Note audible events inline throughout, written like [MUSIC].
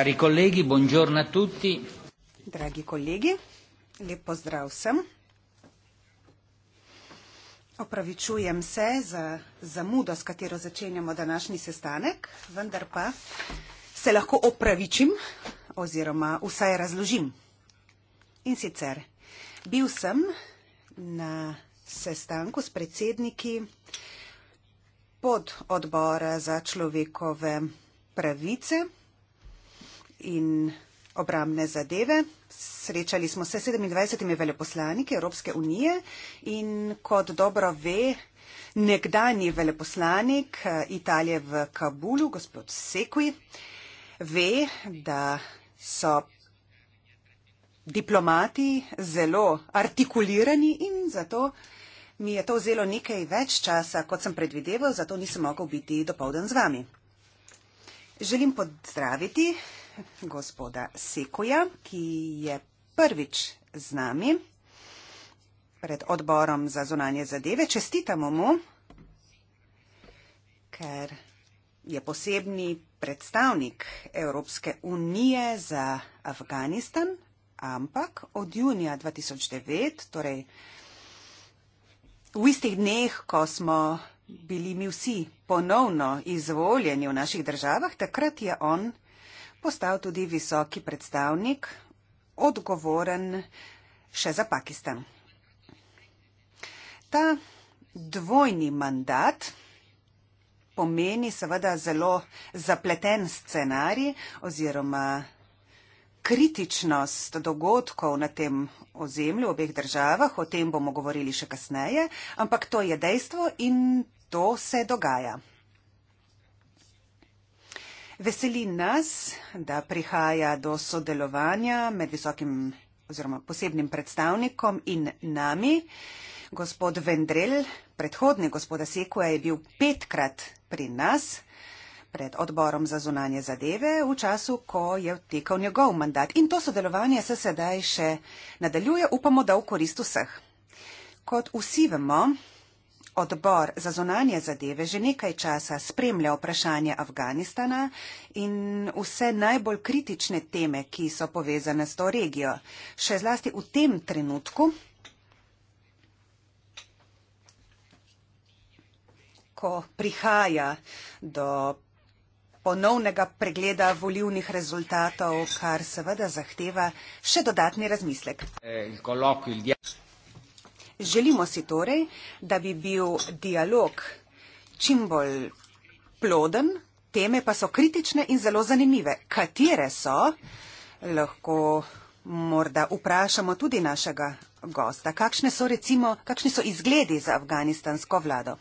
Cari colleghi, buongiorno a tutti. Dragi colleghi, lep pozdrav vsem. Opravičujem se za zamudo, s katero začenjamo današnji sestanek, vendar pa se lahko opravičim oziroma vsaj razložim. In sicer, bil sem na sestanku s predsedniki pod odbora za človekove pravice in obramne zadeve. Srečali smo se s 27 veleposlaniki Evropske unije in kot dobro ve, nekdani veleposlanik eh, Italije v Kabulu, gospod Sekui, ve, da so diplomati zelo artikulirani in zato mi je to vzelo nekaj več časa, kot sem predvideval, zato nisem mogel biti dopovdan z vami. Želim pozdraviti gospoda Sekoja, ki je prvič z nami pred odborom za zunanje zadeve. Čestitamo mu, ker je posebni predstavnik Evropske unije za Afganistan, ampak od junija 2009, torej v istih dneh, ko smo bili mi vsi ponovno izvoljeni v naših državah, takrat je on postal tudi visoki predstavnik, odgovoren še za Pakistan. Ta dvojni mandat pomeni seveda zelo zapleten scenarij oziroma kritičnost dogodkov na tem ozemlju, v obeh državah, o tem bomo govorili še kasneje, ampak to je dejstvo in to se dogaja. Veseli nas, da prihaja do sodelovanja med visokim oziroma posebnim predstavnikom in nami. Gospod Vendrel, predhodni gospoda Sekuja, je bil petkrat pri nas pred odborom za zunanje zadeve v času, ko je tekel njegov mandat. In to sodelovanje se sedaj še nadaljuje, upamo, da v korist vseh. Kot vsi vemo, odbor za zonanje zadeve že nekaj časa spremlja vprašanje Afganistana in vse najbolj kritične teme, ki so povezane s to regijo. Še zlasti v tem trenutku, ko prihaja do ponovnega pregleda volivnih rezultatov, kar seveda zahteva še dodatni razmislek. Eh, Želimo si torej, da bi bil dialog čim bolj ploden, teme pa so kritične in zelo zanimive. Katere so, lahko morda vprašamo tudi našega gosta, kakšne so recimo, kakšni so izgledi za afganistansko vlado.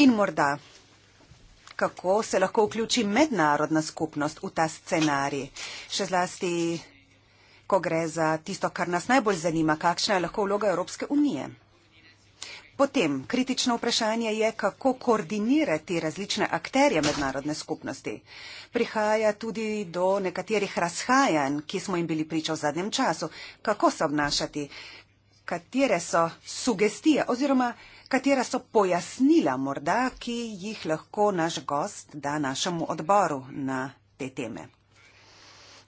In morda, kako se lahko vključi mednarodna skupnost v ta scenarij, še zlasti ko gre za tisto, kar nas najbolj zanima, kakšna je lahko vloga Evropske unije. Potem kritično vprašanje je, kako koordinirati različne akterje mednarodne skupnosti. Prihaja tudi do nekaterih razhajanj, ki smo jim bili priča v zadnjem času. Kako se obnašati? Katere so sugestije oziroma katera so pojasnila morda, ki jih lahko naš gost da našemu odboru na te teme?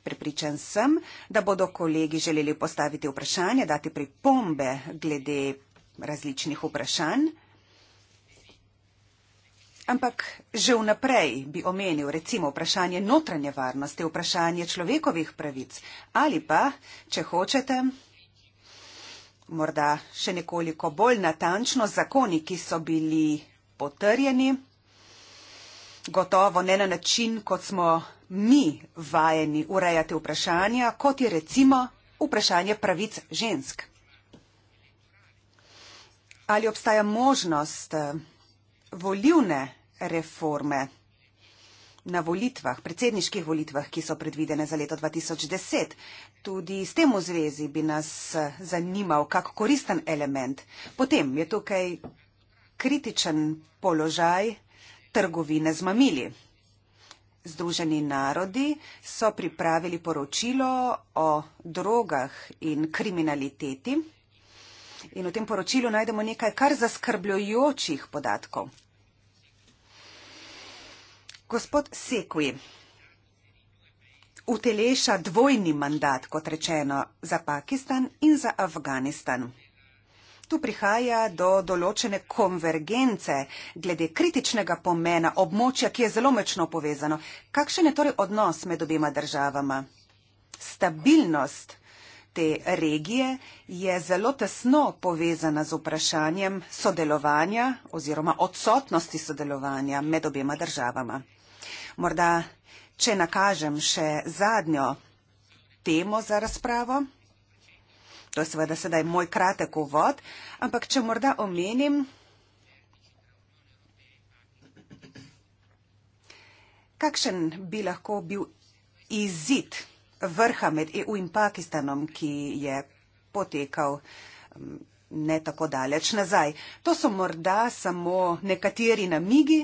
Prepričan sem, da bodo kolegi želeli postaviti vprašanja, dati pripombe glede različnih vprašanj. Ampak že vnaprej bi omenil recimo vprašanje notranje varnosti, vprašanje človekovih pravic ali pa, če hočete, morda še nekoliko bolj natančno zakoni, ki so bili potrjeni, gotovo ne na način, kot smo mi vajeni urejati vprašanja, kot je recimo vprašanje pravic žensk. Ali obstaja možnost eh, volivne reforme na volitvah, predsedniških volitvah, ki so predvidene za leto 2010? Tudi s tem v zvezi bi nas eh, zanimal kak koristen element. Potem je tukaj kritičen položaj trgovine z mamili. Združeni narodi so pripravili poročilo o drogah in kriminaliteti. In v tem poročilu najdemo nekaj kar zaskrbljujočih podatkov. Gospod Sekuji uteleša dvojni mandat, kot rečeno, za Pakistan in za Afganistan tu prihaja do določene konvergence glede kritičnega pomena območja, ki je zelo močno povezano. Kakšen je torej odnos med obima državama? Stabilnost te regije je zelo tesno povezana z vprašanjem sodelovanja oziroma odsotnosti sodelovanja med obema državama. Morda, če nakažem še zadnjo temo za razpravo. To je seveda sedaj moj kratek uvod, ampak če morda omenim, kakšen bi lahko bil izid vrha med EU in Pakistanom, ki je potekal mm, ne tako daleč nazaj. To so morda samo nekateri namigi,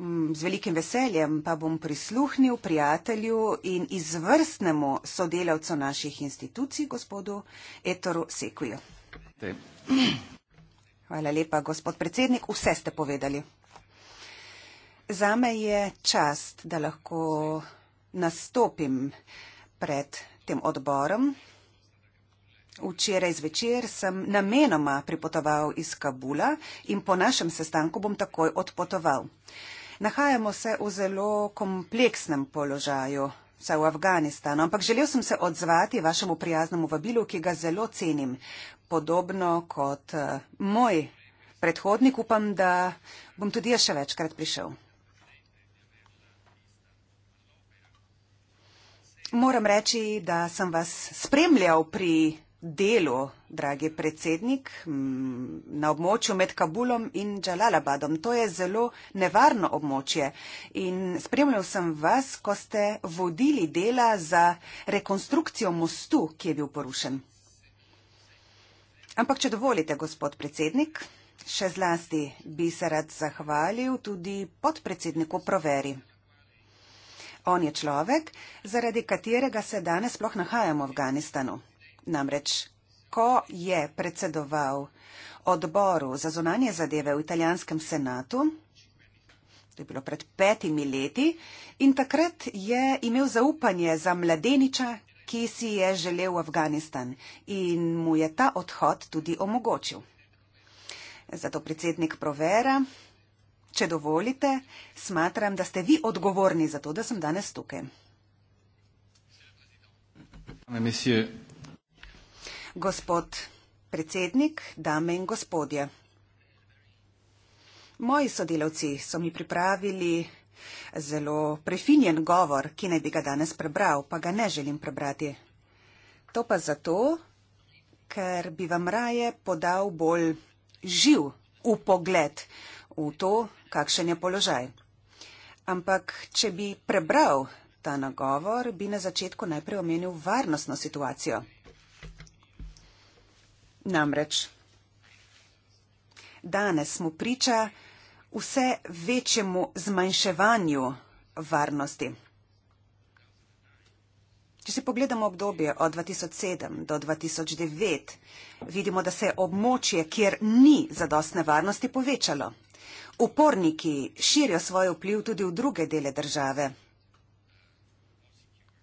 Mm, z velikim veseljem pa bom prisluhnil prijatelju in izvrstnemu sodelavcu naših institucij, gospodu Etoru Sekuju. Hvala lepa, gospod predsednik. Vse ste povedali. Zame je čast, da lahko nastopim pred tem odborom. Včeraj zvečer sem namenoma pripotoval iz Kabula in po našem sestanku bom takoj odpotoval. Nahajamo se v zelo kompleksnem položaju, vse v Afganistanu, ampak želel sem se odzvati vašemu prijaznemu vabilu, ki ga zelo cenim. Podobno kot uh, moj predhodnik, upam, da bom tudi jaz še večkrat prišel. Moram reči, da sem vas spremljal pri delu, dragi predsednik, na območju med Kabulom in Džalalabadom. To je zelo nevarno območje in spremljal sem vas, ko ste vodili dela za rekonstrukcijo mostu, ki je bil porušen. Ampak, če dovolite, gospod predsednik, še zlasti bi se rad zahvalil tudi podpredsedniku Proveri. On je človek, zaradi katerega se danes sploh nahajamo v Afganistanu. Namreč, ko je predsedoval odboru za zunanje zadeve v italijanskem senatu, to je bilo pred petimi leti, in takrat je imel zaupanje za mladeniča, ki si je želel v Afganistan in mu je ta odhod tudi omogočil. Zato predsednik Provera, če dovolite, smatram, da ste vi odgovorni za to, da sem danes tukaj. Gospod predsednik, dame in gospodje. Moji sodelavci so mi pripravili zelo prefinjen govor, ki naj bi ga danes prebral, pa ga ne želim prebrati. To pa zato, ker bi vam raje podal bolj živ upogled v to, kakšen je položaj. Ampak, če bi prebral ta nagovor, bi na začetku najprej omenil varnostno situacijo. Namreč danes smo priča vse večjemu zmanjševanju varnosti. Če si pogledamo obdobje od 2007 do 2009, vidimo, da se je območje, kjer ni zadostne varnosti, povečalo. Uporniki širijo svoj vpliv tudi v druge dele države.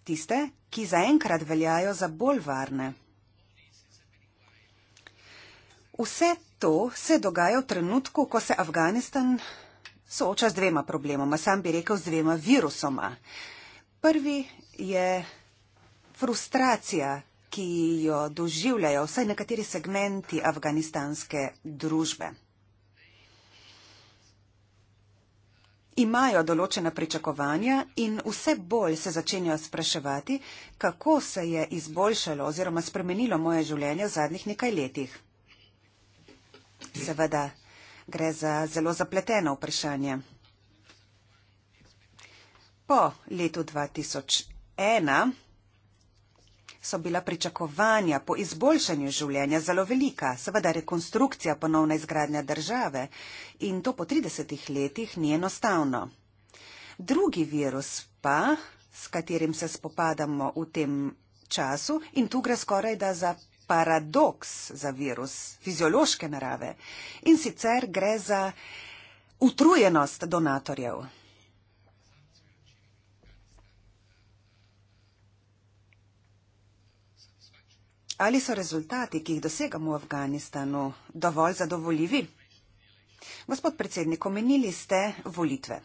Tiste, ki zaenkrat veljajo za bolj varne. Vse to se dogaja v trenutku, ko se Afganistan sooča z dvema problemoma, sam bi rekel z dvema virusoma. Prvi je frustracija, ki jo doživljajo vsaj nekateri segmenti afganistanske družbe. Imajo določena pričakovanja in vse bolj se začenjajo spraševati, kako se je izboljšalo oziroma spremenilo moje življenje v zadnjih nekaj letih. Seveda gre za zelo zapleteno vprašanje. Po letu 2001 so bila pričakovanja po izboljšanju življenja zelo velika, seveda rekonstrukcija, ponovna izgradnja države in to po 30 letih ni enostavno. Drugi virus pa, s katerim se spopadamo v tem času in tu gre skoraj da za paradoks za virus fiziološke narave in sicer gre za utrujenost donatorjev. Ali so rezultati, ki jih dosegamo v Afganistanu, dovolj zadovoljivi? Gospod predsednik, omenili ste volitve.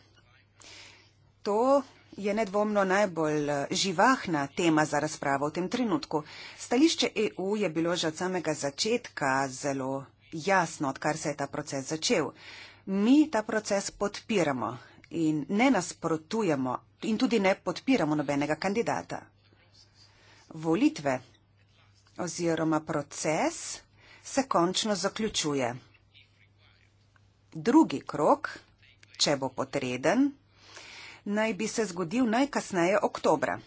To je nedvomno najbolj eh, živahna tema za razpravo v tem trenutku. Stališče EU je bilo že od samega začetka zelo jasno, odkar se je ta proces začel. Mi ta proces podpiramo in ne nasprotujemo in tudi ne podpiramo nobenega kandidata. Volitve oziroma proces se končno zaključuje. Drugi krok, če bo potreben, naj bi se zgodil najkasneje oktobra.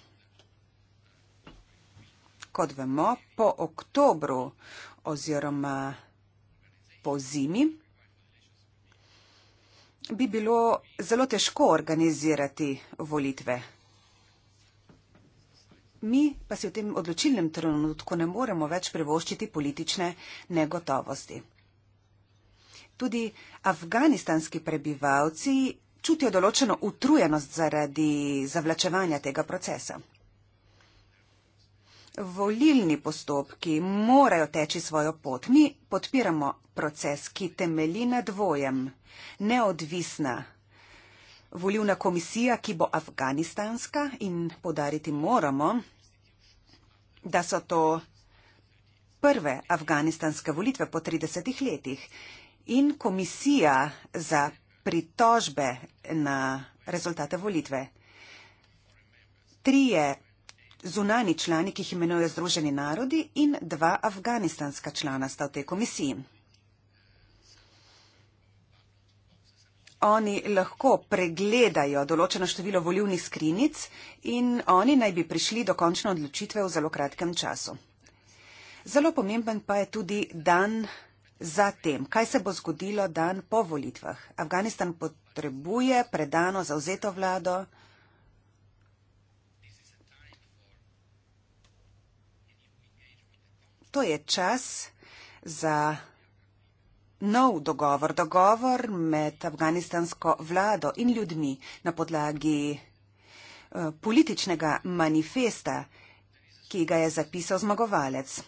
Kot vemo, po oktobru oziroma po zimi bi bilo zelo težko organizirati volitve. Mi pa si v tem odločilnem trenutku ne moremo več privoščiti politične negotovosti. Tudi afganistanski prebivalci čutijo določeno utrujenost zaradi zavlačevanja tega procesa. Volilni postopki morajo teči svojo pot. Mi podpiramo proces, ki temelji na dvojem. Neodvisna volilna komisija, ki bo afganistanska in podariti moramo, da so to prve afganistanske volitve po 30 letih. In komisija za pritožbe na rezultate volitve. Trije zunani člani, ki jih imenujejo Združeni narodi, in dva afganistanska člana sta v tej komisiji. Oni lahko pregledajo določeno število volivnih skrinic in oni naj bi prišli do končne odločitve v zelo kratkem času. Zelo pomemben pa je tudi dan zatem, kaj se bo zgodilo dan po volitvah. Afganistan potrebuje predano zauzeto vlado. To je čas za nov dogovor, dogovor med afganistansko vlado in ljudmi na podlagi eh, političnega manifesta, ki ga je zapisal zmagovalec.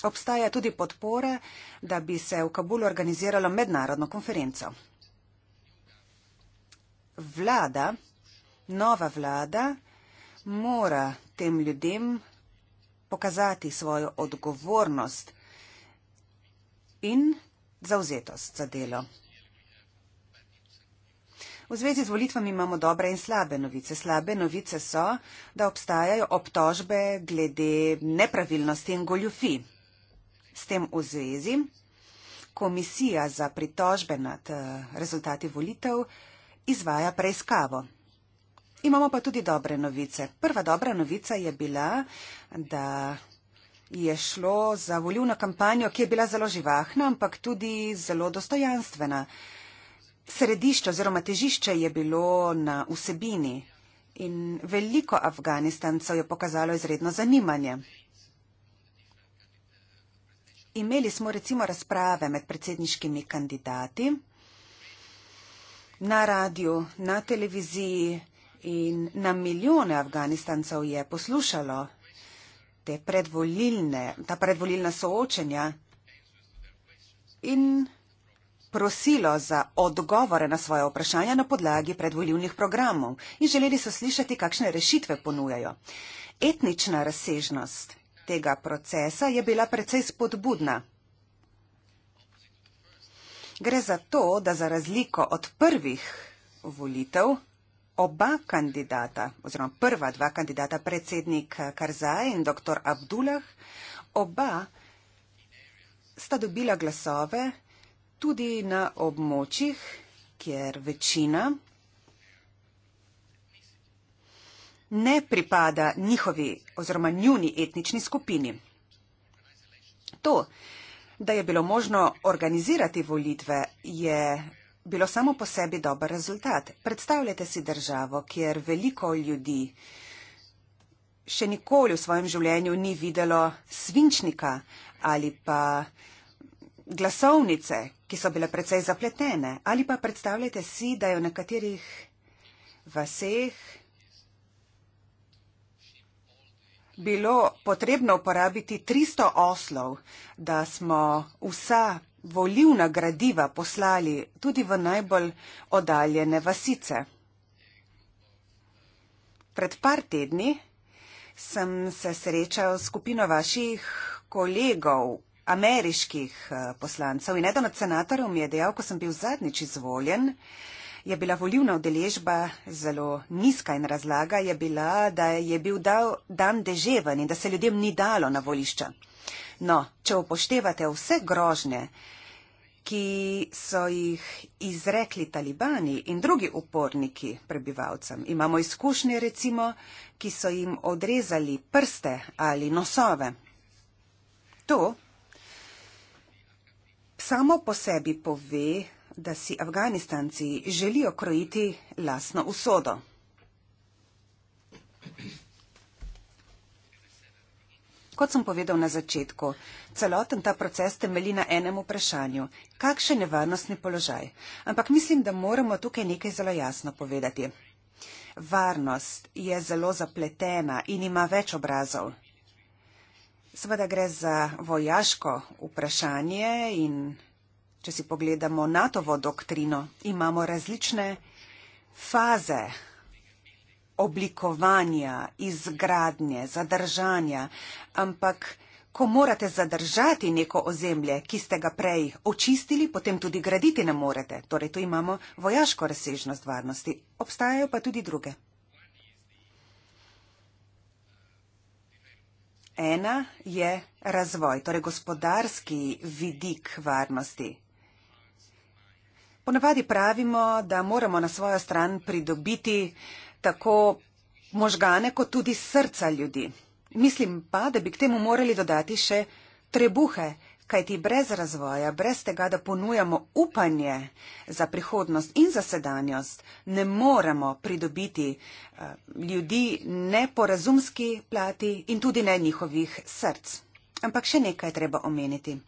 Obstaja tudi podpora, da bi se v Kabulu organiziralo mednarodno konferenco. Vlada, nova vlada, mora tem ljudem pokazati svojo odgovornost in zauzetost za delo. V zvezi z volitvami imamo dobre in slabe novice. Slabe novice so, da obstajajo obtožbe glede nepravilnosti in goljufi. S tem v zvezi komisija za pritožbe nad eh, rezultati volitev izvaja preiskavo. Imamo pa tudi dobre novice. Prva dobra novica je bila, da je šlo za volilno kampanjo, ki je bila zelo živahna, ampak tudi zelo dostojanstvena. Središče oziroma težišče je bilo na vsebini in veliko Afganistancev je pokazalo izredno zanimanje imeli smo recimo razprave med predsedniškimi kandidati na radiju, na televiziji in na milijone Afganistancev je poslušalo te predvolilne, ta predvolilna soočenja in prosilo za odgovore na svoje vprašanja na podlagi predvoljivnih programov in želeli so slišati, kakšne rešitve ponujajo. Etnična razsežnost – tega procesa je bila precej spodbudna. Gre za to, da za razliko od prvih volitev oba kandidata, oziroma prva dva kandidata, predsednik Karzaj in dr. Abdullah, oba sta dobila glasove tudi na območjih, kjer večina ne pripada njihovi oziroma njuni etnični skupini. To, da je bilo možno organizirati volitve, je bilo samo po sebi dober rezultat. Predstavljajte si državo, kjer veliko ljudi še nikoli v svojem življenju ni videlo svinčnika ali pa glasovnice, ki so bile precej zapletene. Ali pa predstavljajte si, da je v nekaterih vaseh bilo potrebno uporabiti 300 oslov, da smo vsa volivna gradiva poslali tudi v najbolj oddaljene vasice. Pred par tedni sem se srečal s skupino vaših kolegov, ameriških eh, poslancev in eden od senatorjev mi je dejal, ko sem bil zadnjič izvoljen, je bila volivna udeležba zelo nizka in razlaga je bila, da je bil dal, dan deževen in da se ljudem ni dalo na volišča. No, če upoštevate vse grožnje, ki so jih izrekli talibani in drugi uporniki prebivalcem. Imamo izkušnje, recimo, ki so jim odrezali prste ali nosove. To samo po sebi pove, da si Afganistanci želijo krojiti lasno usodo. Kot sem povedal na začetku, celoten ta proces temelji na enem vprašanju, kakšen je varnostni položaj. Ampak mislim, da moramo tukaj nekaj zelo jasno povedati. Varnost je zelo zapletena in ima več obrazov. Seveda gre za vojaško vprašanje in če si pogledamo NATO-vo doktrino, imamo različne faze oblikovanja, izgradnje, zadržanja, ampak ko morate zadržati neko ozemlje, ki ste ga prej očistili, potem tudi graditi ne morete. Torej, tu imamo vojaško razsežnost varnosti, obstajajo pa tudi druge. Ena je razvoj, torej gospodarski vidik varnosti. Ponavadi pravimo, da moramo na svojo stran pridobiti tako možgane, kot tudi srca ljudi. Mislim pa, da bi k temu morali dodati še trebuhe, kajti brez razvoja, brez tega, da ponujamo upanje za prihodnost in za sedanjost, ne moremo pridobiti eh, ljudi ne po razumski plati in tudi ne njihovih src. Ampak še nekaj treba omeniti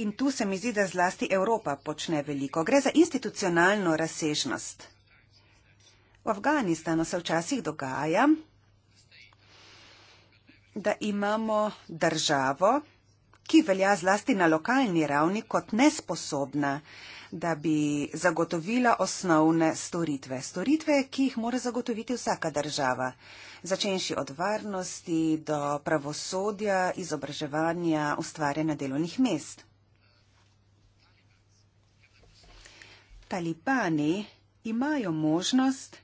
in tu se mi zdi, da zlasti Evropa počne veliko. Gre za institucionalno razsežnost. V Afganistanu se včasih dogaja, da imamo državo, ki velja zlasti na lokalni ravni kot nesposobna, da bi zagotovila osnovne storitve. Storitve, ki jih mora zagotoviti vsaka država. Začenši od varnosti do pravosodja, izobraževanja, ustvarjanja delovnih mest. talibani imajo možnost,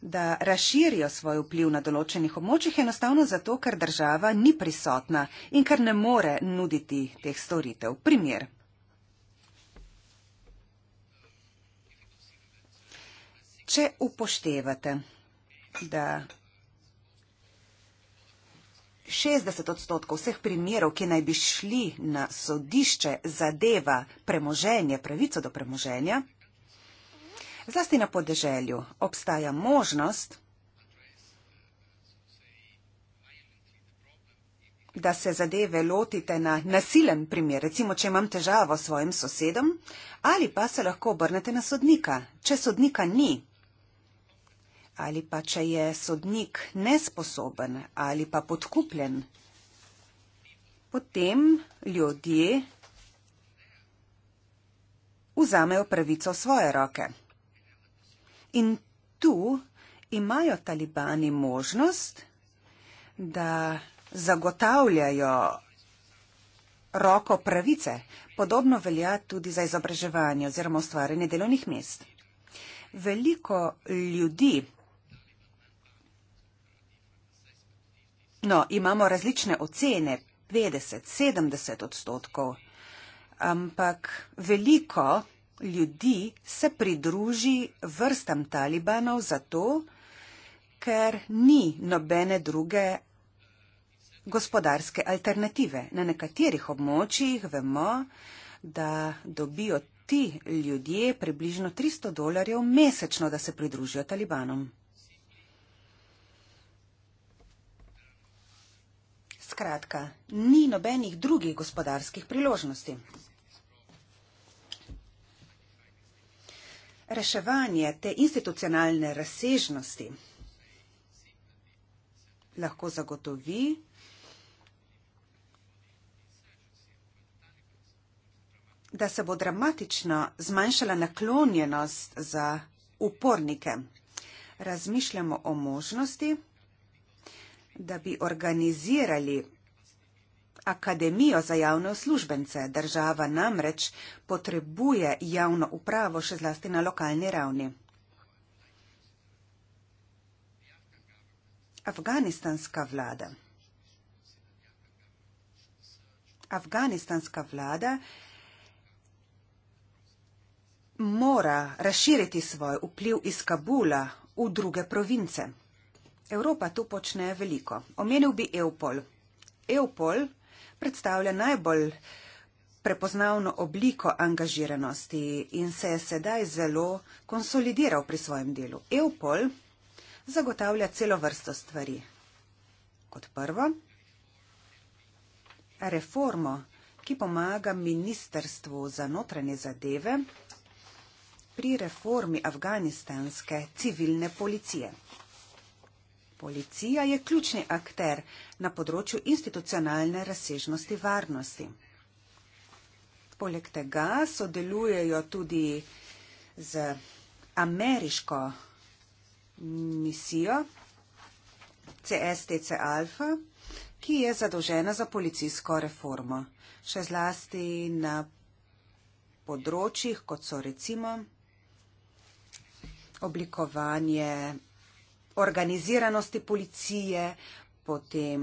da razširijo svoj vpliv na določenih območjih, enostavno zato, ker država ni prisotna in ker ne more nuditi teh storitev. Primer. Če upoštevate, da 60 odstotkov vseh primerov, ki naj bi šli na sodišče, zadeva premoženje, pravico do premoženja, Zlasti na podeželju obstaja možnost, da se zadeve lotite na nasilen primer, recimo, če imam težavo s svojim sosedom, ali pa se lahko obrnete na sodnika, če sodnika ni, ali pa če je sodnik nesposoben ali pa podkupljen, potem ljudje vzamejo pravico v svoje roke. In tu imajo talibani možnost, da zagotavljajo roko pravice. Podobno velja tudi za izobraževanje oziroma ustvarjanje delovnih mest. Veliko ljudi. No, imamo različne ocene, 50-70 odstotkov, ampak veliko ljudi se pridruži vrstam talibanov zato, ker ni nobene druge gospodarske alternative. Na nekaterih območjih vemo, da dobijo ti ljudje približno 300 dolarjev mesečno, da se pridružijo talibanom. Skratka, ni nobenih drugih gospodarskih priložnosti. reševanje te institucionalne razsežnosti lahko zagotovi da se bo dramatično zmanjšala naklonjenost za upornike. Razmišljamo o možnosti, da bi organizirali Akademijo za javne uslužbence država namreč potrebuje javno upravo še zlasti na lokalni ravni. Afganistanska vlada. Afganistanska vlada mora razširiti svoj vpliv iz Kabula v druge province. Evropa tu počne veliko. Omenil bi Eupol. Eupol predstavlja najbolj prepoznavno obliko angažiranosti in se je sedaj zelo konsolidiral pri svojem delu. Eupol zagotavlja celo vrsto stvari. Kot prvo, reformo, ki pomaga Ministrstvu za notranje zadeve pri reformi afganistanske civilne policije. Policija je ključni akter na področju institucionalne razsežnosti varnosti. Poleg tega sodelujejo tudi z ameriško misijo CSTC Alfa, ki je zadolžena za policijsko reformo, še zlasti na področjih, kot so recimo oblikovanje organiziranosti policije, potem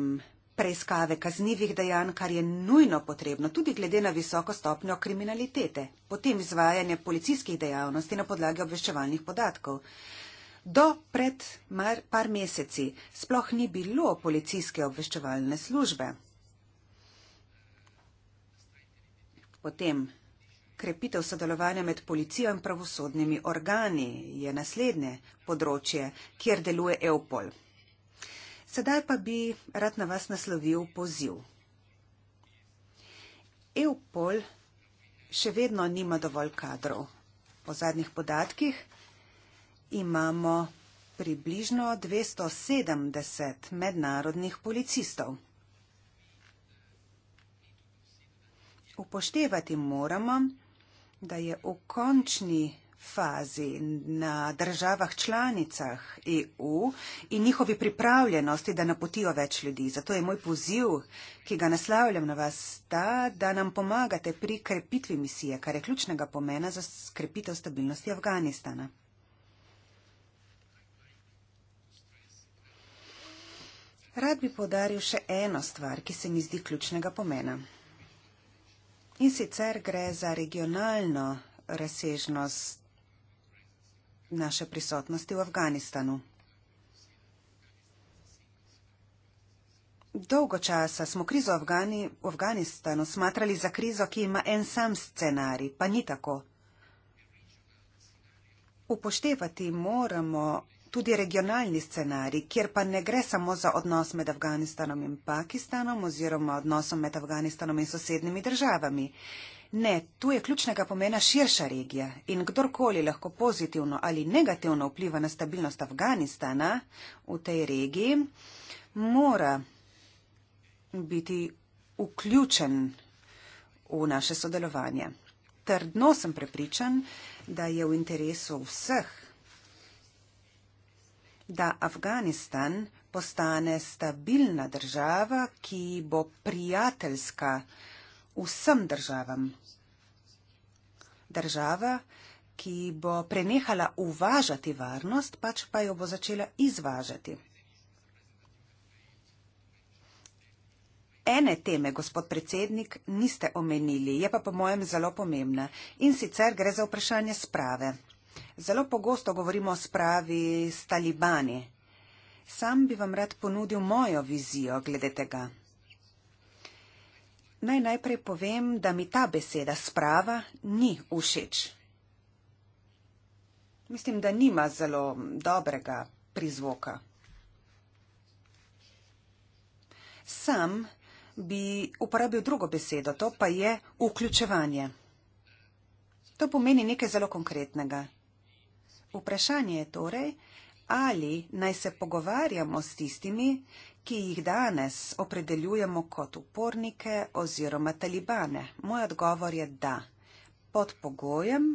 preiskave kaznjivih dejanj, kar je nujno potrebno tudi glede na visoko stopnjo kriminalitete, potem izvajanje policijskih dejavnosti na podlagi obveščevalnih podatkov. Do pred mar, par meseci sploh ni bilo policijske obveščevalne službe. Potem krepitev sodelovanja med policijo in pravosodnimi organi je naslednje področje, kjer deluje EUPOL. Sedaj pa bi rad na vas naslovil poziv. EUPOL še vedno nima dovolj kadrov. Po zadnjih podatkih imamo približno 270 mednarodnih policistov. Upoštevati moramo, da je v končni fazi na državah članicah EU in njihovi pripravljenosti, da napotijo več ljudi. Zato je moj poziv, ki ga naslavljam na vas, ta, da nam pomagate pri krepitvi misije, kar je ključnega pomena za skrepitev stabilnosti Afganistana. Rad bi podaril še eno stvar, ki se mi zdi ključnega pomena. In sicer gre za regionalno razsežnost naše prisotnosti v Afganistanu. Dolgo časa smo krizo Afgani, v Afganistanu smatrali za krizo, ki ima en sam scenarij, pa ni tako. Upoštevati moramo tudi regionalni scenarij, kjer pa ne gre samo za odnos med Afganistanom in Pakistanom oziroma odnosom med Afganistanom in sosednjimi državami. Ne, tu je ključnega pomena širša regija in kdorkoli lahko pozitivno ali negativno vpliva na stabilnost Afganistana v tej regiji, mora biti vključen v naše sodelovanje. Trdno sem prepričan, da je v interesu vseh, da Afganistan postane stabilna država, ki bo prijateljska država vsem državam. Država, ki bo prenehala uvažati varnost, pač pa jo bo začela izvažati. Ene teme, gospod predsednik, niste omenili, je pa po mojem zelo pomembna in sicer gre za vprašanje sprave. Zelo pogosto govorimo o spravi s talibani. Sam bi vam rad ponudil mojo vizijo glede tega. Naj najprej povem, da mi ta beseda sprava ni všeč. Mislim, da nima zelo dobrega prizvoka. Sam bi uporabil drugo besedo, to pa je vključevanje. To pomeni nekaj zelo konkretnega. Vprašanje je torej, ali naj se pogovarjamo s tistimi, ki jih danes opredeljujemo kot upornike oziroma talibane? Moj odgovor je da. Pod pogojem,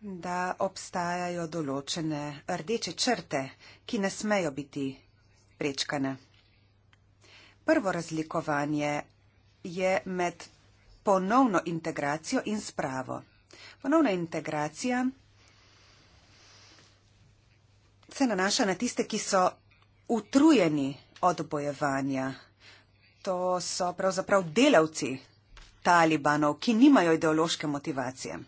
da obstajajo določene rdeče črte, ki ne smejo biti prečkane. Prvo razlikovanje je med ponovno integracijo in spravo. Ponovna integracija se nanaša na tiste, ki so utrujeni od bojevanja. To so pravzaprav delavci talibanov, ki nimajo ideološke motivacije.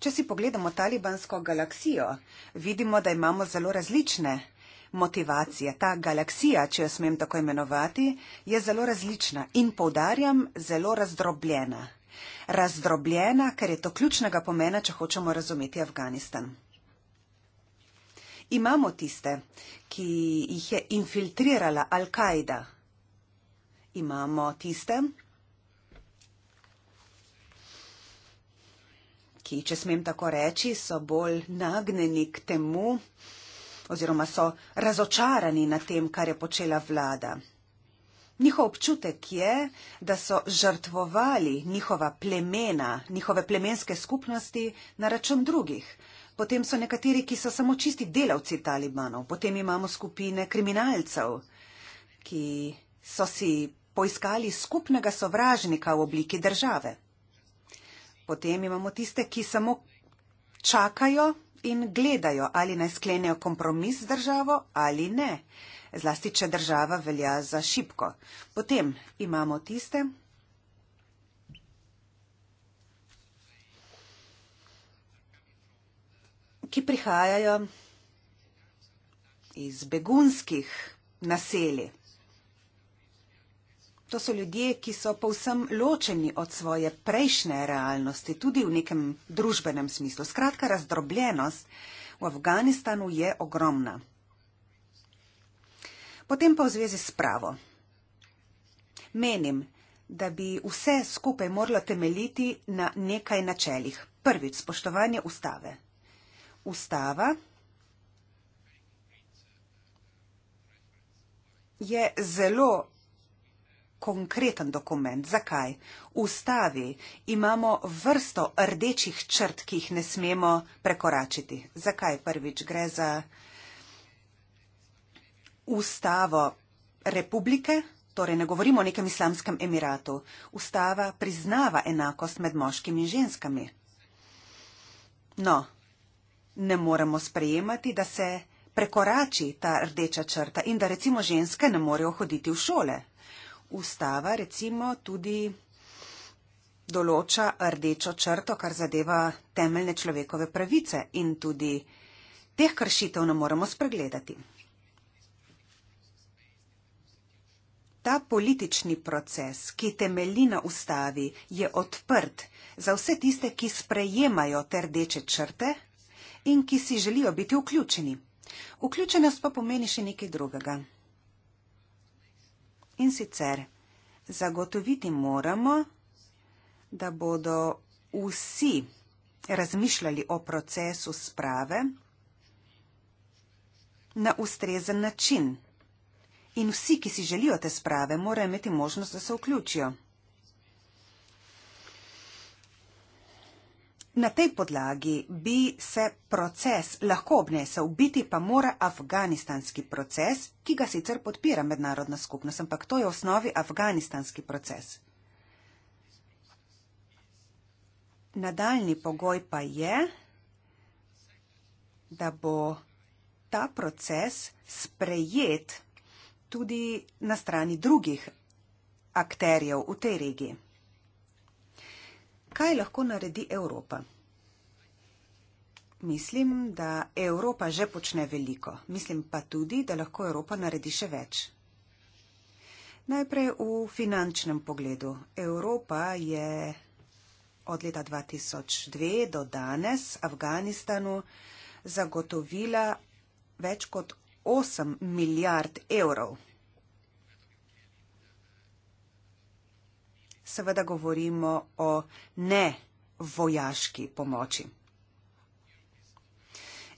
Če si pogledamo talibansko galaksijo, vidimo, da imamo zelo različne motivacije. Ta galaksija, če jo smem tako imenovati, je zelo različna in poudarjam, zelo razdrobljena. Razdrobljena, ker je to ključnega pomena, če hočemo razumeti Afganistan imamo tiste, ki jih je infiltrirala Al-Kaida. Imamo tiste, ki, če smem tako reči, so bolj nagneni k temu oziroma so razočarani na tem, kar je počela vlada. Njihov občutek je, da so žrtvovali njihova plemena, njihove plemenske skupnosti na račun drugih potem so nekateri, ki so samo čisti delavci talibanov, potem imamo skupine kriminalcev, ki so si poiskali skupnega sovražnika v obliki države. Potem imamo tiste, ki samo čakajo in gledajo, ali naj sklenejo kompromis z državo ali ne, zlasti, če država velja za šipko. Potem imamo tiste, ki prihajajo iz begunskih naselij. To so ljudje, ki so povsem ločeni od svoje prejšnje realnosti, tudi v nekem družbenem smislu. Skratka, razdrobljenost v Afganistanu je ogromna. Potem pa v zvezi s pravo. Menim, da bi vse skupaj moralo temeljiti na nekaj načelih. Prvič, spoštovanje ustave ustava je zelo konkreten dokument. Zakaj? V ustavi imamo vrsto rdečih črt, ki jih ne smemo prekoračiti. Zakaj prvič gre za ustavo republike, torej ne govorimo o nekem islamskem emiratu. Ustava priznava enakost med moškimi in ženskami. No, ne moremo sprejemati, da se prekorači ta rdeča črta in da recimo ženske ne morejo hoditi v šole. Ustava recimo tudi določa rdečo črto, kar zadeva temeljne človekove pravice in tudi teh kršitev ne moremo spregledati. Ta politični proces, ki temelji na ustavi, je odprt za vse tiste, ki sprejemajo te rdeče črte in ki si želijo biti vključeni. Vključenost pa pomeni še nekaj drugega. In sicer zagotoviti moramo, da bodo vsi razmišljali o procesu sprave na ustrezen način. In vsi, ki si želijo te sprave, morajo imeti možnost, da se vključijo. Na tej podlagi bi se proces lahko obnesel, biti pa mora afganistanski proces, ki ga sicer podpira mednarodna skupnost, ampak to je v osnovi afganistanski proces. Nadaljni pogoj pa je, da bo ta proces sprejet tudi na strani drugih akterjev v tej regiji. Kaj lahko naredi Evropa? Mislim, da Evropa že počne veliko. Mislim pa tudi, da lahko Evropa naredi še več. Najprej v finančnem pogledu. Evropa je od leta 2002 do danes Afganistanu zagotovila več kot 8 milijard evrov seveda govorimo o ne vojaški pomoči.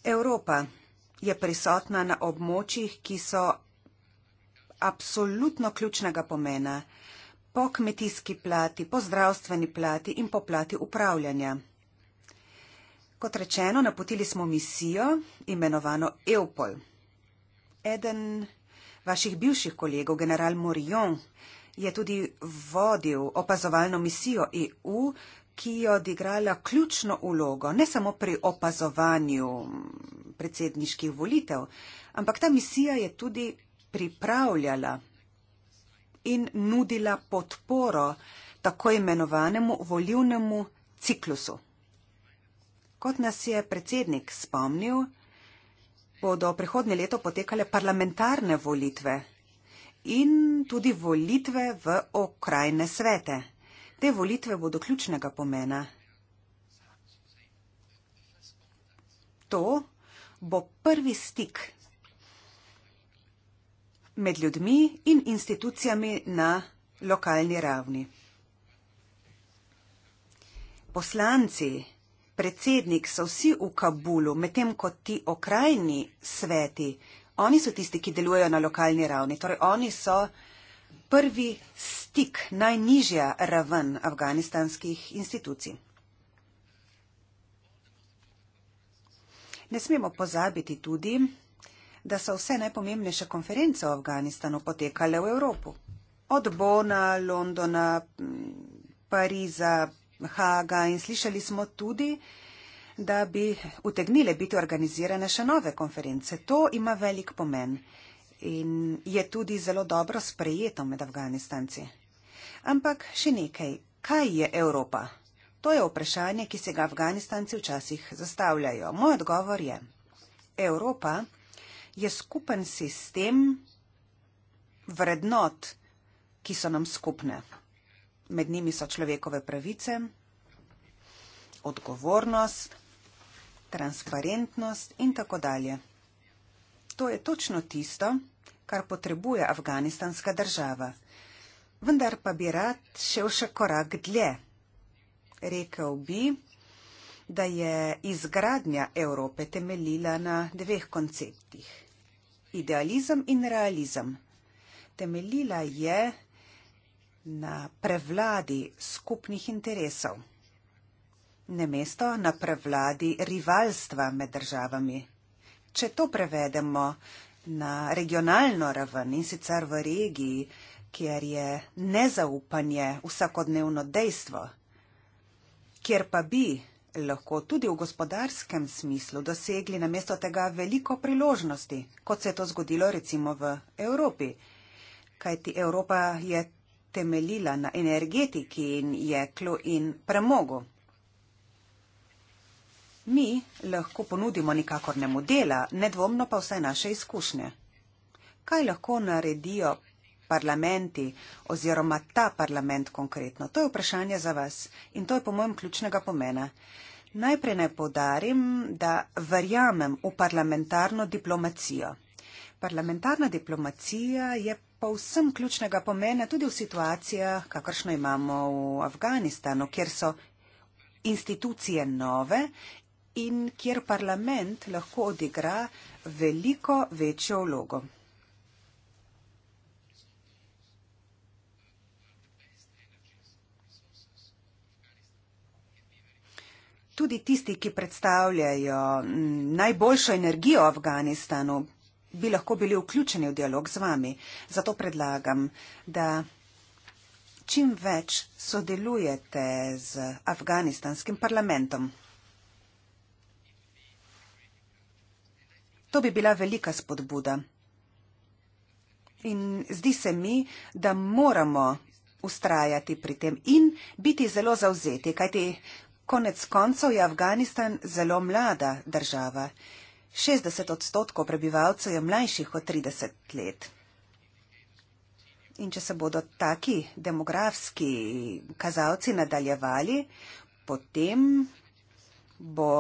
Evropa je prisotna na območjih, ki so absolutno ključnega pomena po kmetijski plati, po zdravstveni plati in po plati upravljanja. Kot rečeno, napotili smo misijo imenovano Eupol. Eden vaših bivših kolegov, general Morion, je tudi vodil opazovalno misijo EU, ki je odigrala ključno ulogo ne samo pri opazovanju predsedniških volitev, ampak ta misija je tudi pripravljala in nudila podporo tako imenovanemu volivnemu ciklusu. Kot nas je predsednik spomnil, bodo prihodnje leto potekale parlamentarne volitve in tudi volitve v okrajne svete. Te volitve bodo ključnega pomena. To bo prvi stik med ljudmi in institucijami na lokalni ravni. Poslanci, predsednik so vsi v Kabulu, medtem ko ti okrajni sveti Oni so tisti, ki delujejo na lokalni ravni. Torej, oni so prvi stik, najnižja raven afganistanskih institucij. Ne smemo pozabiti tudi, da so vse najpomembnejše konference v Afganistanu potekale v Evropo. Od Bona, Londona, Pariza, Haga in slišali smo tudi, da bi utegnile biti organizirane še nove konference. To ima velik pomen in je tudi zelo dobro sprejeto med Afganistanci. Ampak še nekaj, kaj je Evropa? To je vprašanje, ki se ga Afganistanci včasih zastavljajo. Moj odgovor je, Evropa je skupen sistem vrednot, ki so nam skupne. Med njimi so človekove pravice, odgovornost, transparentnost in tako dalje. To je točno tisto, kar potrebuje afganistanska država. Vendar pa bi rad šel še korak dlje. Rekel bi, da je izgradnja Evrope temeljila na dveh konceptih. Idealizem in realizem. Temeljila je na prevladi skupnih interesov namesto na prevladi rivalstva med državami. Če to prevedemo na regionalno raven in sicer v regiji, kjer je nezaupanje vsakodnevno dejstvo, kjer pa bi lahko tudi v gospodarskem smislu dosegli namesto tega veliko priložnosti, kot se je to zgodilo recimo v Evropi. Kajti Evropa je temeljila na energetiki in jeklu in premogu. Mi lahko ponudimo nikakorne modele, nedvomno pa vse naše izkušnje. Kaj lahko naredijo parlamenti oziroma ta parlament konkretno? To je vprašanje za vas in to je po mojem ključnega pomena. Najprej naj podarim, da verjamem v parlamentarno diplomacijo. Parlamentarna diplomacija je pa vsem ključnega pomena tudi v situacijah, kakršno imamo v Afganistanu, kjer so institucije nove in kjer parlament lahko odigra veliko večjo vlogo. Tudi tisti, ki predstavljajo najboljšo energijo v Afganistanu, bi lahko bili vključeni v dialog z vami. Zato predlagam, da čim več sodelujete z afganistanskim parlamentom. To bi bila velika spodbuda. In zdi se mi, da moramo ustrajati pri tem in biti zelo zauzeti, kajti konec koncev je Afganistan zelo mlada država. 60 odstotkov prebivalcev je mlajših od 30 let. In če se bodo taki demografski kazalci nadaljevali, potem bo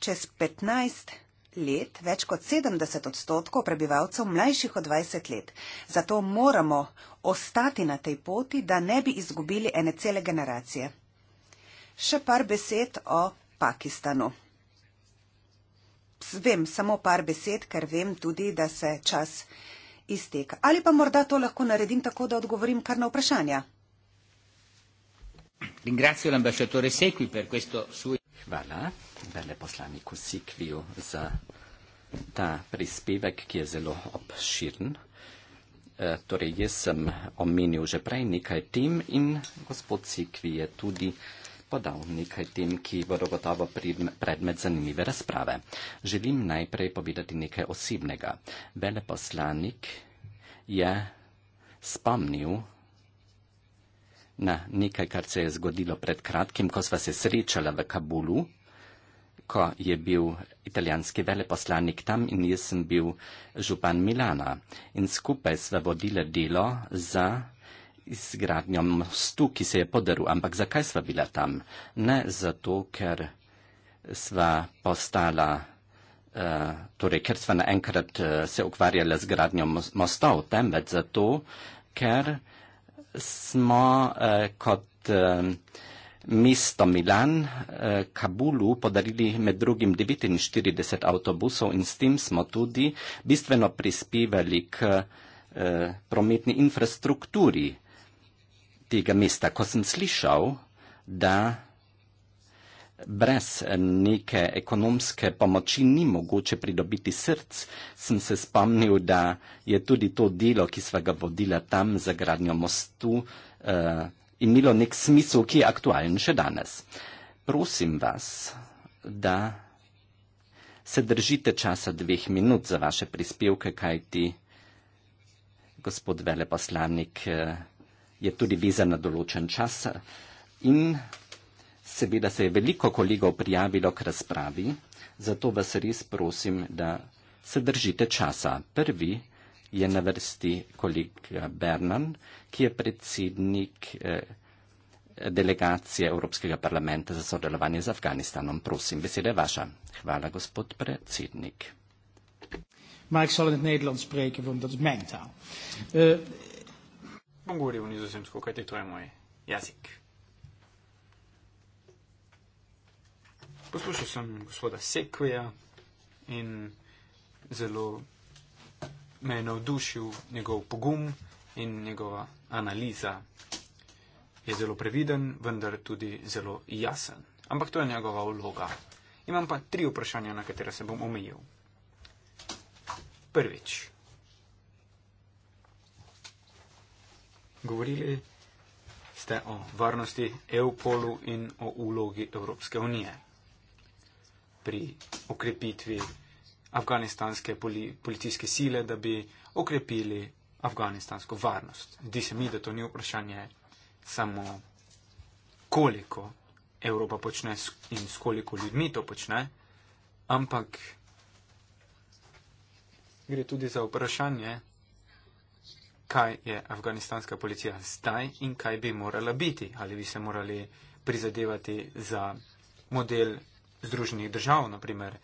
čez 15 let let več kot 70 odstotkov prebivalcev mlajših od 20 let. Zato moramo ostati na tej poti, da ne bi izgubili ene cele generacije. Še par besed o Pakistanu. Vem samo par besed, ker vem tudi, da se čas izteka. Ali pa morda to lahko naredim tako, da odgovorim kar na vprašanja. Ringrazio l'ambasciatore Sequi per questo suo. Hvala veleposlaniku Sikviju za ta prispevek, ki je zelo obširen. E, torej, jaz sem omenil že prej nekaj tem in gospod Sikvi je tudi podal nekaj tem, ki bodo gotovo predmet zanimive razprave. Želim najprej povedati nekaj osebnega. Veleposlanik je spomnil na nekaj, kar se je zgodilo pred kratkim, ko sva se srečala v Kabulu, ko je bil italijanski veleposlanik tam in jaz sem bil župan Milana. In skupaj sva vodila delo za izgradnjo mostu, ki se je podaril. Ampak zakaj sva bila tam? Ne zato, ker sva postala. Uh, torej, ker sva naenkrat uh, se ukvarjala z gradnjo mostov, temveč zato, ker smo eh, kot eh, mesto Milan eh, Kabulu podarili med drugim 49 avtobusov in s tem smo tudi bistveno prispevali k eh, prometni infrastrukturi tega mesta. Ko sem slišal, da brez neke ekonomske pomoči ni mogoče pridobiti src, sem se spomnil, da je tudi to delo, ki sva ga vodila tam za gradnjo mostu, uh, imelo nek smisel, ki je aktualen še danes. Prosim vas, da se držite časa dveh minut za vaše prispevke, kajti gospod veleposlanik eh, je tudi vezan na določen čas. In Seveda se je veliko kolegov prijavilo k razpravi, zato vas res prosim, da se držite časa. Prvi je na vrsti kolega Bernan, ki je predsednik eh, delegacije Evropskega parlamenta za sodelovanje z Afganistanom. Prosim, beseda je vaša. Hvala, gospod predsednik. Maar ik zal in het Nederlands spreken, want dat is mijn taal. Uh... Ik ben goed in het Nederlands, ik heb het in mijn taal. Poslušal sem gospoda Sekvija in zelo me je navdušil njegov pogum in njegova analiza. Je zelo previden, vendar tudi zelo jasen. Ampak to je njegova vloga. Imam pa tri vprašanja, na katera se bom omejil. Prvič. Govorili ste o varnosti EU-polu in o ulogi Evropske unije pri okrepitvi afganistanske poli, policijske sile, da bi okrepili afganistansko varnost. Di se mi, da to ni vprašanje samo koliko Evropa počne in s koliko ljudmi to počne, ampak gre tudi za vprašanje, kaj je afganistanska policija zdaj in kaj bi morala biti. Ali bi se morali prizadevati za model Združenih držav, naprimer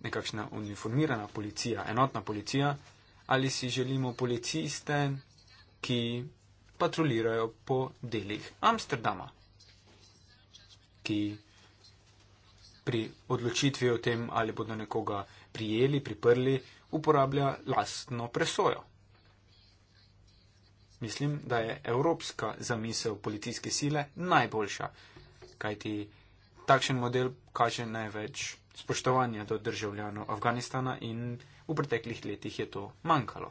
nekakšna uniformirana policija, enotna policija, ali si želimo policiste, ki patrolirajo po delih Amsterdama, ki pri odločitvi o tem, ali bodo nekoga prijeli, priprli, uporablja lastno presojo. Mislim, da je evropska zamisel policijske sile najboljša, kajti takšen model kaže največ spoštovanja do državljanov Afganistana in v preteklih letih je to manjkalo.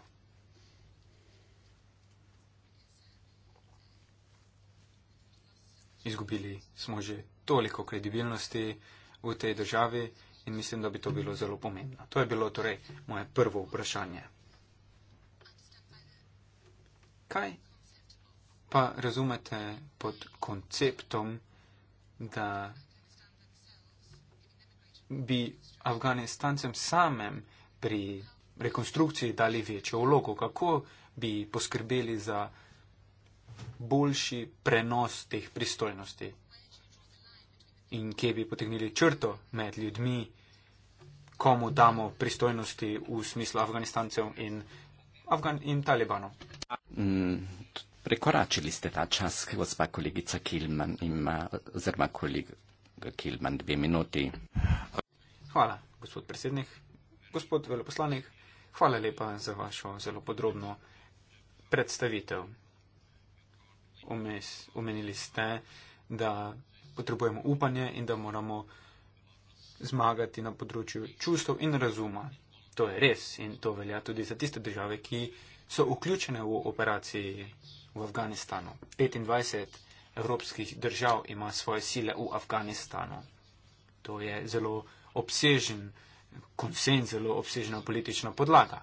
Izgubili smo že toliko kredibilnosti v tej državi in mislim, da bi to bilo zelo pomembno. To je bilo torej moje prvo vprašanje. Kaj pa razumete pod konceptom, da bi Afganistancem samem pri rekonstrukciji dali večjo vlogo, kako bi poskrbeli za boljši prenos teh pristojnosti in kje bi potegnili črto med ljudmi, komu damo pristojnosti v smislu Afganistancev in, Afgan in Talibanov. Mm. Prekoračili ste ta čas, gospa kolegica Kilman ima, oziroma kolega, Kilman, dve minuti. Hvala, gospod predsednik. Gospod veleposlanik, hvala lepa za vašo zelo podrobno predstavitev. Umes, umenili ste, da potrebujemo upanje in da moramo zmagati na področju čustev in razuma. To je res in to velja tudi za tiste države, ki so vključene v operaciji v Afganistanu. 25 evropskih držav ima svoje sile v Afganistanu. To je zelo obsežen konsens, zelo obsežna politična podlaga.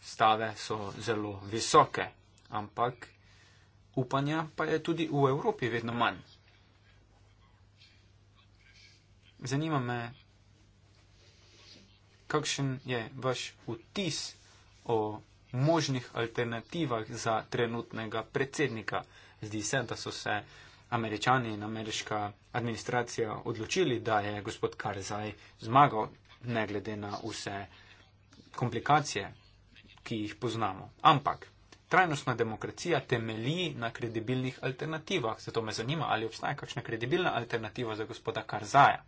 Stave so zelo visoke, ampak upanja pa je tudi v Evropi vedno manj. Zanima me, kakšen je vaš vtis o možnih alternativah za trenutnega predsednika. Zdi se, da so se američani in ameriška administracija odločili, da je gospod Karzaj zmagal, ne glede na vse komplikacije, ki jih poznamo. Ampak trajnostna demokracija temelji na kredibilnih alternativah. Zato me zanima, ali obstaja kakšna kredibilna alternativa za gospoda Karzaja.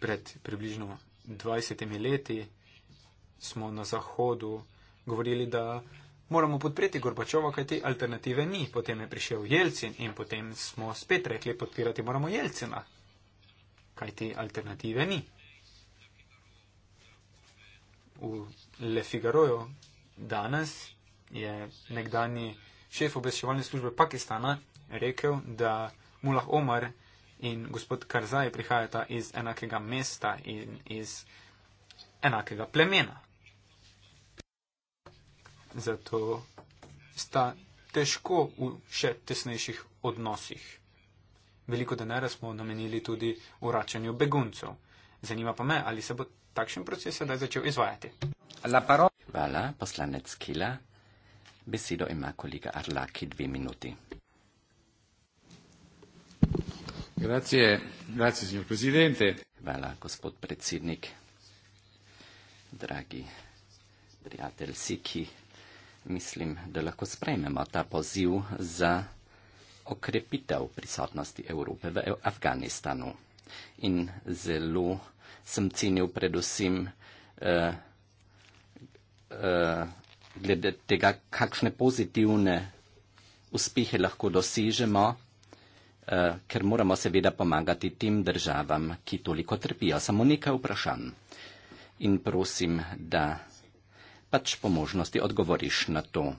Pred približno 20 leti smo na Zahodu govorili, da moramo podpreti Gorbačova, kajti alternative ni. Potem je prišel Jelcin in potem smo spet rekli, podpirati moramo Jelcina, kajti alternative ni. V Le Figaroju danes je nekdani šef obveščevalne službe Pakistana rekel, da Mullah Omar in gospod Karzaj prihajata iz enakega mesta in iz enakega plemena zato sta težko v še tesnejših odnosih. Veliko denara smo namenili tudi uračanju beguncev. Zanima pa me, ali se bo takšen proces sedaj začel izvajati. Hvala, poslanec Kila. Besedo ima kolega Arlaki dve minuti. Grazie, grazie, signor presidente. Hvala, gospod predsednik. Dragi prijatelj Siki mislim, da lahko sprejmemo ta poziv za okrepitev prisotnosti Evrope v Afganistanu. In zelo sem cenil predvsem uh, uh, glede tega, kakšne pozitivne uspehe lahko dosežemo, uh, ker moramo seveda pomagati tem državam, ki toliko trpijo. Samo nekaj vprašanj. In prosim, da pač po možnosti odgovoriš na to.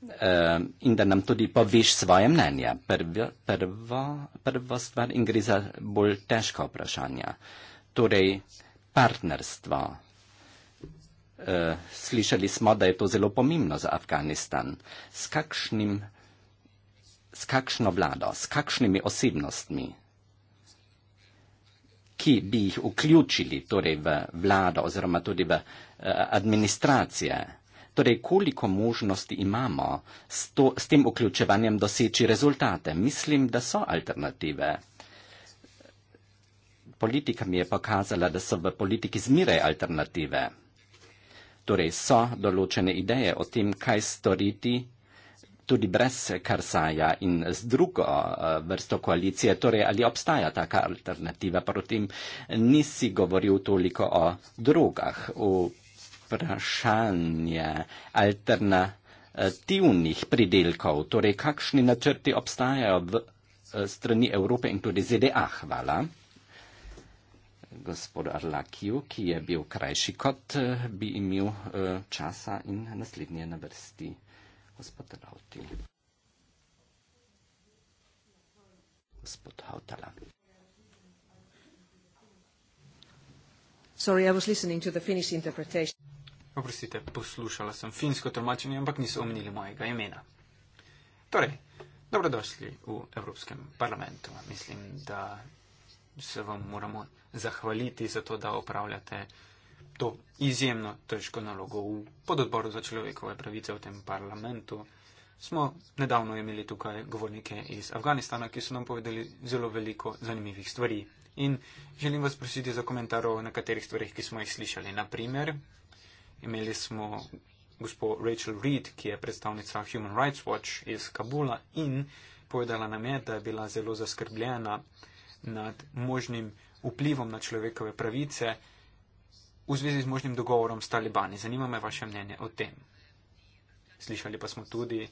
Uh, in da nam tudi poviš svoje mnenje. Prvo, prvo, prvo stvar in gre za bolj težka vprašanja. Torej, partnerstvo. Uh, slišali smo, da je to zelo pomembno za Afganistan. S, kakšnim, s kakšno vlado, s kakšnimi osebnostmi ki bi jih vključili torej v vlado oziroma tudi v eh, administracije. Torej, koliko možnosti imamo s, to, s tem vključevanjem doseči rezultate? Mislim, da so alternative. Politika mi je pokazala, da so v politiki zmeraj alternative. Torej, so določene ideje o tem, kaj storiti tudi brez Karsaja in z drugo eh, vrsto koalicije. Torej, ali obstaja taka alternativa? Protim, nisi govoril toliko o drugah. Vprašanje alternativnih pridelkov, torej kakšni načrti obstajajo v eh, strani Evrope in tudi ZDA. Hvala gospodu Arlakiju, ki je bil krajši, kot eh, bi imel časa in naslednje na vrsti. Gospod Rauti. Gospod Hautala. Sorry, I was listening to the Finnish interpretation. Oprostite, poslušala sem finsko tolmačenje, ampak niso omenili mojega imena. Torej, dobrodošli v Evropskem parlamentu. Mislim, da se vam moramo zahvaliti za to, da opravljate uh, to izjemno težko nalogo v pododboru za človekove pravice v tem parlamentu. Smo nedavno imeli tukaj govornike iz Afganistana, ki so nam povedali zelo veliko zanimivih stvari. In želim vas prositi za komentar o nekaterih stvarih, ki smo jih slišali. Naprimer, imeli smo gospo Rachel Reed, ki je predstavnica Human Rights Watch iz Kabula in povedala nam je, da je bila zelo zaskrbljena nad možnim vplivom na človekove pravice v zvezi z možnim dogovorom s talibani. Zanima me vaše mnenje o tem. Slišali pa smo tudi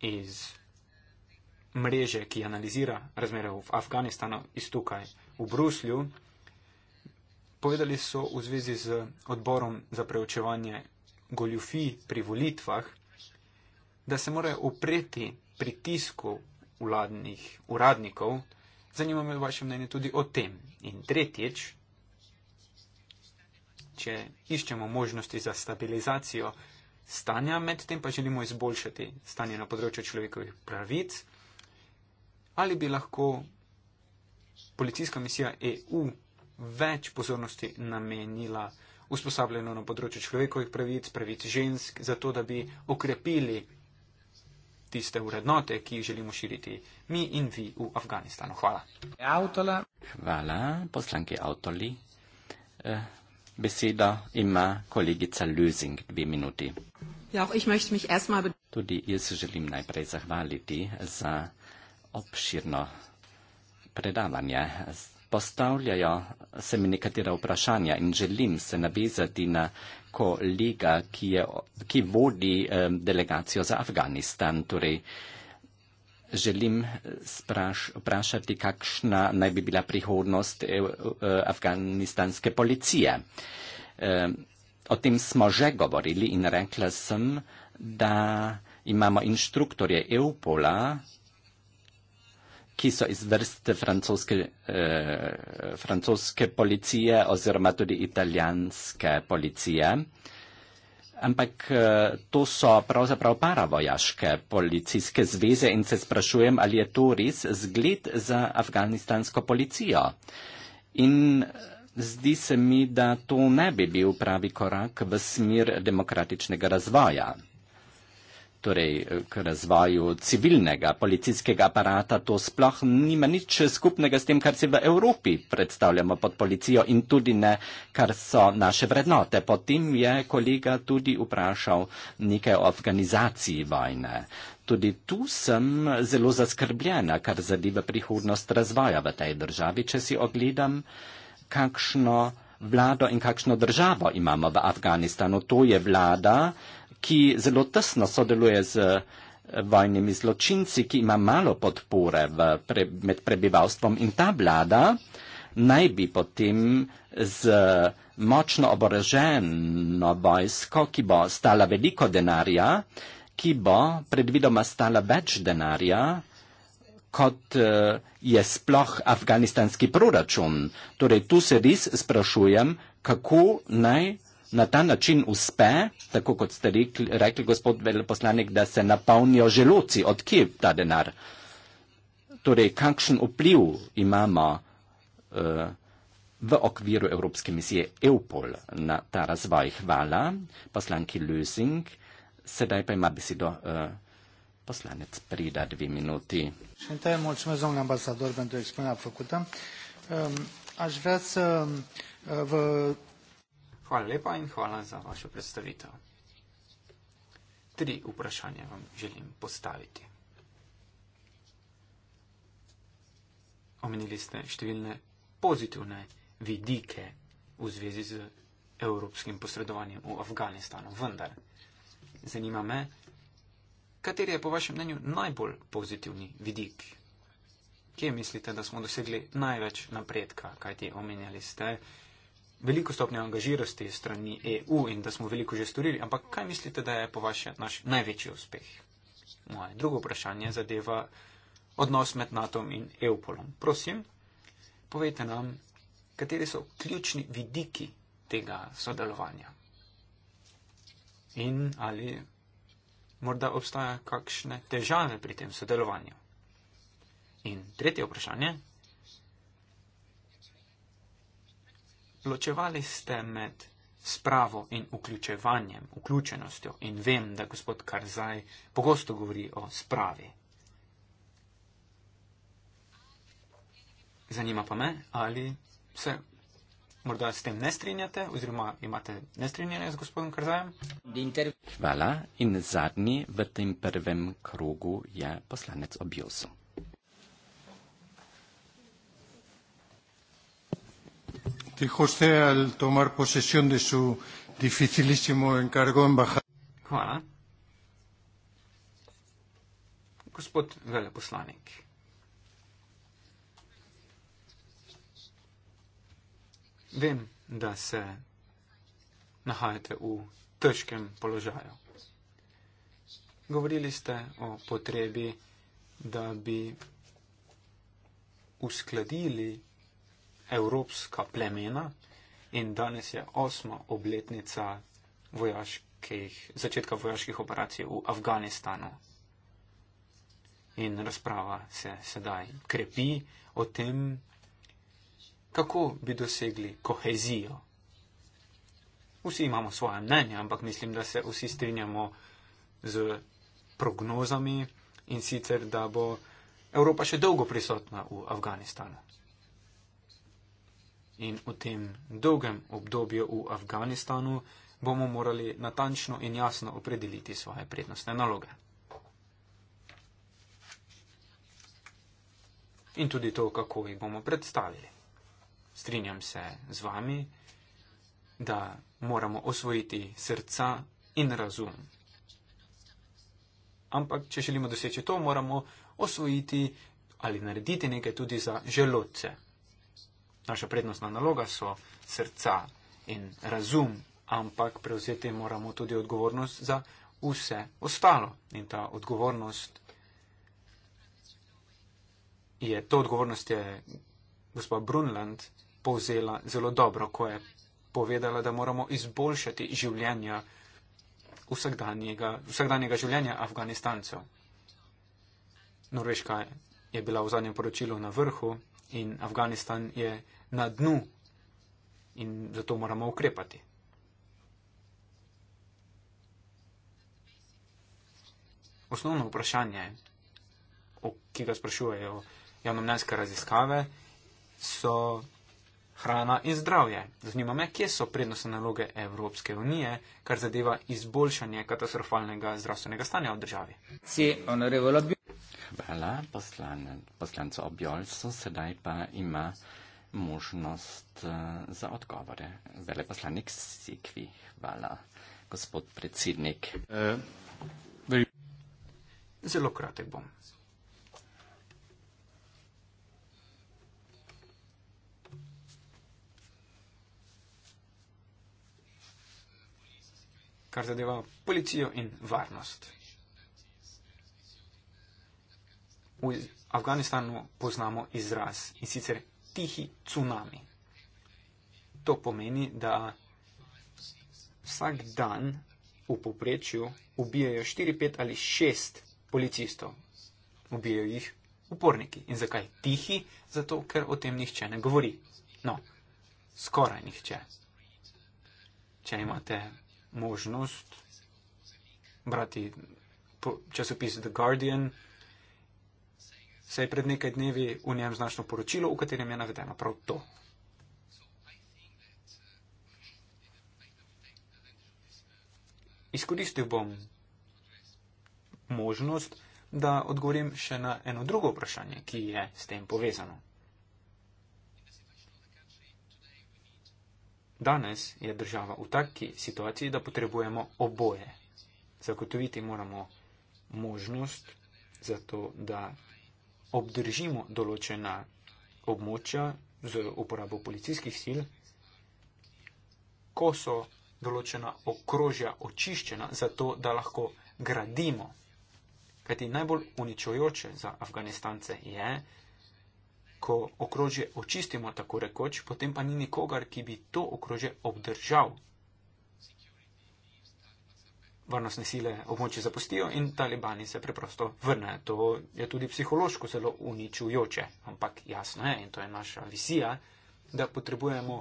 iz mreže, ki analizira razmere v Afganistanu, iz tukaj v Bruslju. Povedali so v zvezi z odborom za preučevanje goljufi pri volitvah, da se morajo upreti pritisku vladnih uradnikov. Zanima me vaše mnenje tudi o tem. In tretjič, če iščemo možnosti za stabilizacijo stanja, medtem pa želimo izboljšati stanje na področju človekovih pravic, ali bi lahko policijska misija EU več pozornosti namenila usposabljeno na področju človekovih pravic, pravic žensk, zato da bi okrepili tiste urednote, ki jih želimo širiti mi in vi v Afganistanu. Hvala. Hvala, poslanki avtoli. Eh, Beseda ima kolegica Lösing dve minuti. Ja, auch ich möchte mich erstmal Tudi jaz želim najprej zahvaliti za obširno predavanje. Postavljajo se mi nekatera vprašanja in želim se navezati na kolega, ki, je, ki vodi eh, delegacijo za Afganistan. Torej, želim eh, spraš, vprašati, kakšna naj bi bila prihodnost e, e, afganistanske policije. E, o tem smo že govorili in rekla sem, da imamo inštruktorje EUPOLA, ki so iz vrste francoske, e, francoske policije oziroma tudi italijanske policije. E, ampak eh, to so pravzaprav paravojaške policijske zveze in se sprašujem, ali je to res zgled za afganistansko policijo. In eh, zdi se mi, da to ne bi bil pravi korak v smer demokratičnega razvoja torej eh, k razvoju civilnega policijskega aparata, to sploh nima nič skupnega s tem, kar si v Evropi predstavljamo pod policijo in tudi ne, kar so naše vrednote. Potem je kolega tudi vprašal nekaj o organizaciji vojne. Tudi tu sem zelo zaskrbljena, kar zadeva prihodnost razvoja v tej državi, če si ogledam, kakšno vlado in kakšno državo imamo v Afganistanu. To je vlada, ki zelo tesno sodeluje z eh, vojnimi zločinci, ki ima malo podpore v, pre, med prebivalstvom in ta vlada naj bi potem z močno oboroženo vojsko, ki bo stala veliko denarja, ki bo predvidoma stala več denarja, kot eh, je sploh afganistanski proračun. Torej tu se res sprašujem, kako naj na ta način uspe, tako kot ste rekli, rekli gospod veleposlanik, da se napolnijo želoci, od kje ta denar? Torej, kakšen vpliv imamo uh, v okviru Evropske misije EUPOL na ta razvoj? Hvala, poslanki Lösing. Sedaj pa ima besedo uh, poslanec Prida dve minuti. Ehm, aș vrea să ehm, vă Hvala lepa in hvala za vašo predstavitev. Tri vprašanja vam želim postaviti. Omenili ste številne pozitivne vidike v zvezi z evropskim posredovanjem v Afganistanu, vendar zanima me, kateri je po vašem mnenju najbolj pozitivni vidik? Kje mislite, da smo dosegli največ napredka, kajti omenjali ste veliko stopnjo angažirosti strani EU in da smo veliko že storili, ampak kaj mislite, da je po vaše naš največji uspeh? Moje drugo vprašanje zadeva odnos med NATO in EUPOLom. Prosim, povejte nam, kateri so ključni vidiki tega sodelovanja. In ali morda obstaja kakšne težave pri tem sodelovanju. In tretje vprašanje, ločevali ste med spravo in vključevanjem, vključenostjo in vem, da gospod Karzaj pogosto govori o spravi. Zanima pa me, ali se morda s tem ne strinjate oziroma imate nestrinjanje z gospodom Karzajem? Hvala in zadnji v tem prvem krogu je poslanec Objosom. dijo usted al tomar posesión de su dificilísimo encargo embajador. Hvala. Gospod veleposlanik. Vem, da se nahajate v težkem položaju. Govorili ste o potrebi, da bi uskladili evropska plemena in danes je osma obletnica vojaških, začetka vojaških operacij v Afganistanu. In razprava se sedaj krepi o tem, kako bi dosegli kohezijo. Vsi imamo svoje mnenje, ampak mislim, da se vsi strinjamo z prognozami in sicer, da bo Evropa še dolgo prisotna v Afganistanu in v tem dolgem obdobju v Afganistanu bomo morali natančno in jasno opredeliti svoje prednostne naloge. In tudi to, kako jih bomo predstavili. Strinjam se z vami, da moramo osvojiti srca in razum. Ampak, če želimo doseči to, moramo osvojiti ali narediti nekaj tudi za želodce, naša prednostna naloga so srca in razum, ampak prevzeti moramo tudi odgovornost za vse ostalo. In ta odgovornost je, to odgovornost je gospa Brunland povzela zelo dobro, ko je povedala, da moramo izboljšati življenja vsakdanjega, vsakdanjega življenja Afganistancev. Norveška je bila v zadnjem poročilu na vrhu in Afganistan je na dnu in zato moramo ukrepati. Osnovno vprašanje, ki ga sprašujejo javnomnenjske raziskave, so hrana in zdravje. Zanima me, kje so prednostne naloge Evropske unije, kar zadeva izboljšanje katastrofalnega zdravstvenega stanja v državi. Hvala, poslanec Objolc, sedaj pa ima možnost eh, za odgovore. Veleposlanik Sikvi, hvala, gospod predsednik. Eh, zelo kratek bom. Kar zadeva policijo in varnost. V Afganistanu poznamo izraz in sicer tihi tsunami. To pomeni, da vsak dan v povprečju ubijajo 4, 5 ali 6 policistov. Ubijajo jih uporniki. In zakaj tihi? Zato, ker o tem nihče ne govori. No, skoraj nihče. Če imate možnost brati časopis The Guardian, se je pred nekaj dnevi v njem značno poročilo, v katerem je navedeno prav to. Izkoristil bom možnost, da odgovorim še na eno drugo vprašanje, ki je s tem povezano. Danes je država v taki situaciji, da potrebujemo oboje. Zagotoviti moramo možnost za to, da obdržimo določena območja z uporabo policijskih sil, ko so določena okrožja očiščena, zato da lahko gradimo. Kajti najbolj uničujoče za Afganistance je, ko okrožje očistimo tako rekoč, potem pa ni nikogar, ki bi to okrožje obdržal varnostne sile območje zapustijo in talibani se preprosto vrnejo. To je tudi psihološko zelo uničujoče, ampak jasno je, in to je naša vizija, da potrebujemo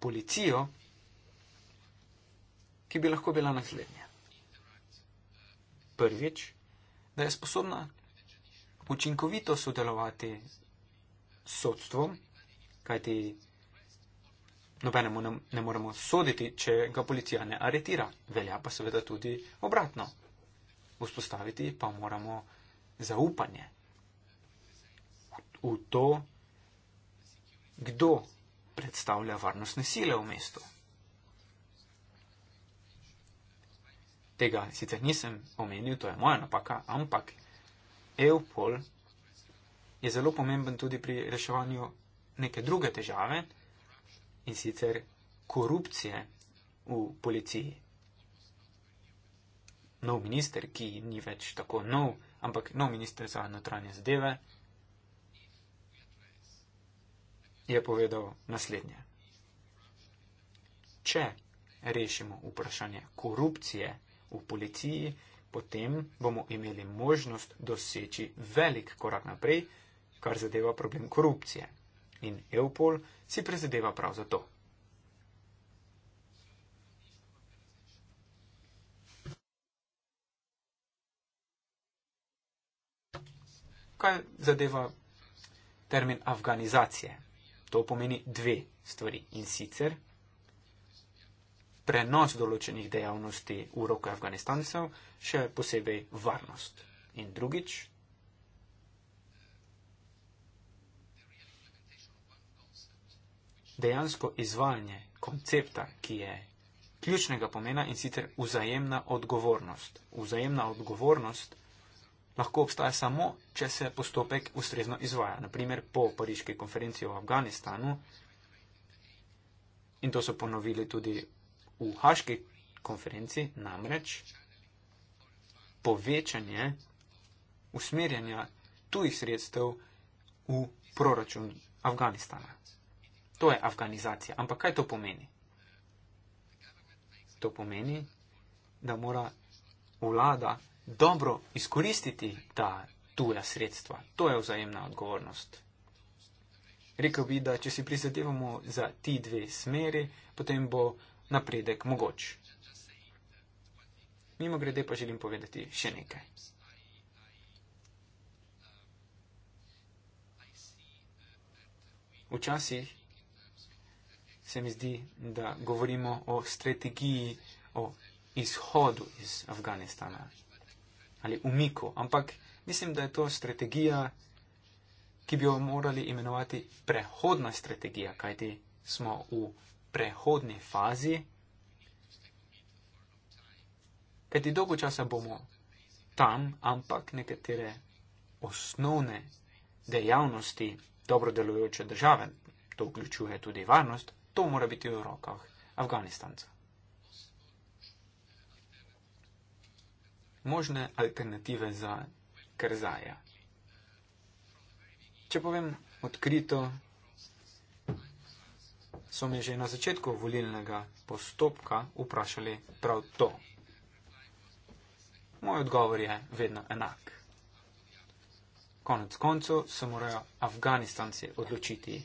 policijo, ki bi lahko bila naslednja. Prvič, da je sposobna učinkovito sodelovati s sodstvom, kajti Nobenemu ne, ne moremo soditi, če ga policija ne aretira. Velja pa seveda tudi obratno. Vzpostaviti pa moramo zaupanje v to, kdo predstavlja varnostne sile v mestu. Tega sicer nisem omenil, to je moja napaka, ampak EUPOL je zelo pomemben tudi pri reševanju neke druge težave, in sicer korupcije v policiji. Nov minister, ki ni več tako nov, ampak nov minister za notranje zadeve, je povedal naslednje. Če rešimo vprašanje korupcije v policiji, potem bomo imeli možnost doseči velik korak naprej, kar zadeva problem korupcije in Eupol si prizadeva prav za to. Kaj zadeva termin afganizacije? To pomeni dve stvari in sicer prenos določenih dejavnosti v roke Afganistancev, še posebej varnost. In drugič, dejansko izvajanje koncepta, ki je ključnega pomena in sicer vzajemna odgovornost. Vzajemna odgovornost lahko obstaja samo, če se postopek ustrezno izvaja. Naprimer, po pariški konferenci v Afganistanu in to so ponovili tudi v haški konferenci, namreč povečanje usmerjanja tujih sredstev v proračun Afganistana. To je afganizacija. Ampak kaj to pomeni? To pomeni, da mora vlada dobro izkoristiti ta tuja sredstva. To je vzajemna odgovornost. Rekel bi, da če si prizadevamo za ti dve smeri, potem bo napredek mogoč. Mimo grede pa želim povedati še nekaj. Včasih se mi zdi, da govorimo o strategiji, o izhodu iz Afganistana ali umiku, ampak mislim, da je to strategija, ki bi jo morali imenovati prehodna strategija, kajti smo v prehodni fazi, kajti dolgo časa bomo tam, ampak nekatere osnovne dejavnosti dobro delujoče države, to vključuje tudi varnost, to mora biti v rokah Afganistanca. Možne alternative za Karzaja. Če povem odkrito, so me že na začetku volilnega postopka vprašali prav to. Moj odgovor je vedno enak. Konec koncu se morajo Afganistanci odločiti,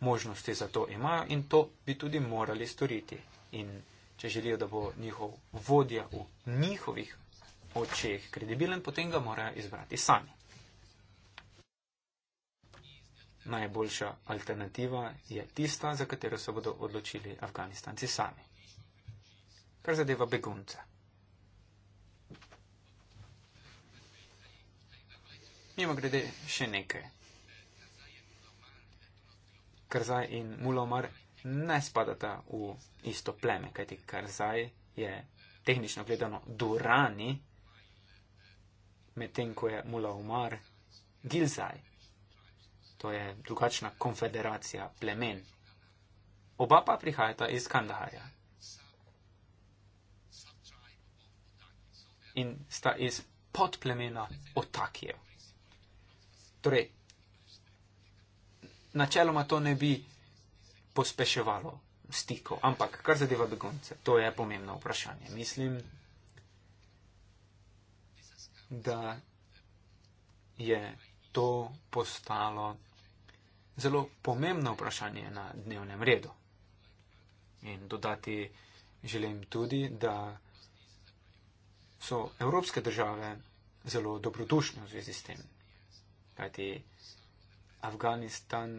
možnosti za to imajo in to bi tudi morali storiti. In če želijo, da bo njihov vodja v njihovih očeh kredibilen, potem ga morajo izbrati sami. Najboljša alternativa je tista, za katero se bodo odločili Afganistanci sami. Kar zadeva begunce. Mimo grede še nekaj. Karzaj in Mulomar ne spadata v isto pleme, kajti Karzaj je tehnično gledano Durani, medtem ko je Mulomar Gilzaj. To je drugačna konfederacija plemen. Oba pa prihajata iz Kandaharja. In sta iz podplemena Otakijev. Torej, načeloma to ne bi pospeševalo stiko, ampak kar zadeva begonce, to je pomembno vprašanje. Mislim, da je to postalo zelo pomembno vprašanje na dnevnem redu. In dodati želim tudi, da so evropske države zelo dobrodušne v zvezi s tem. Kajti Afganistan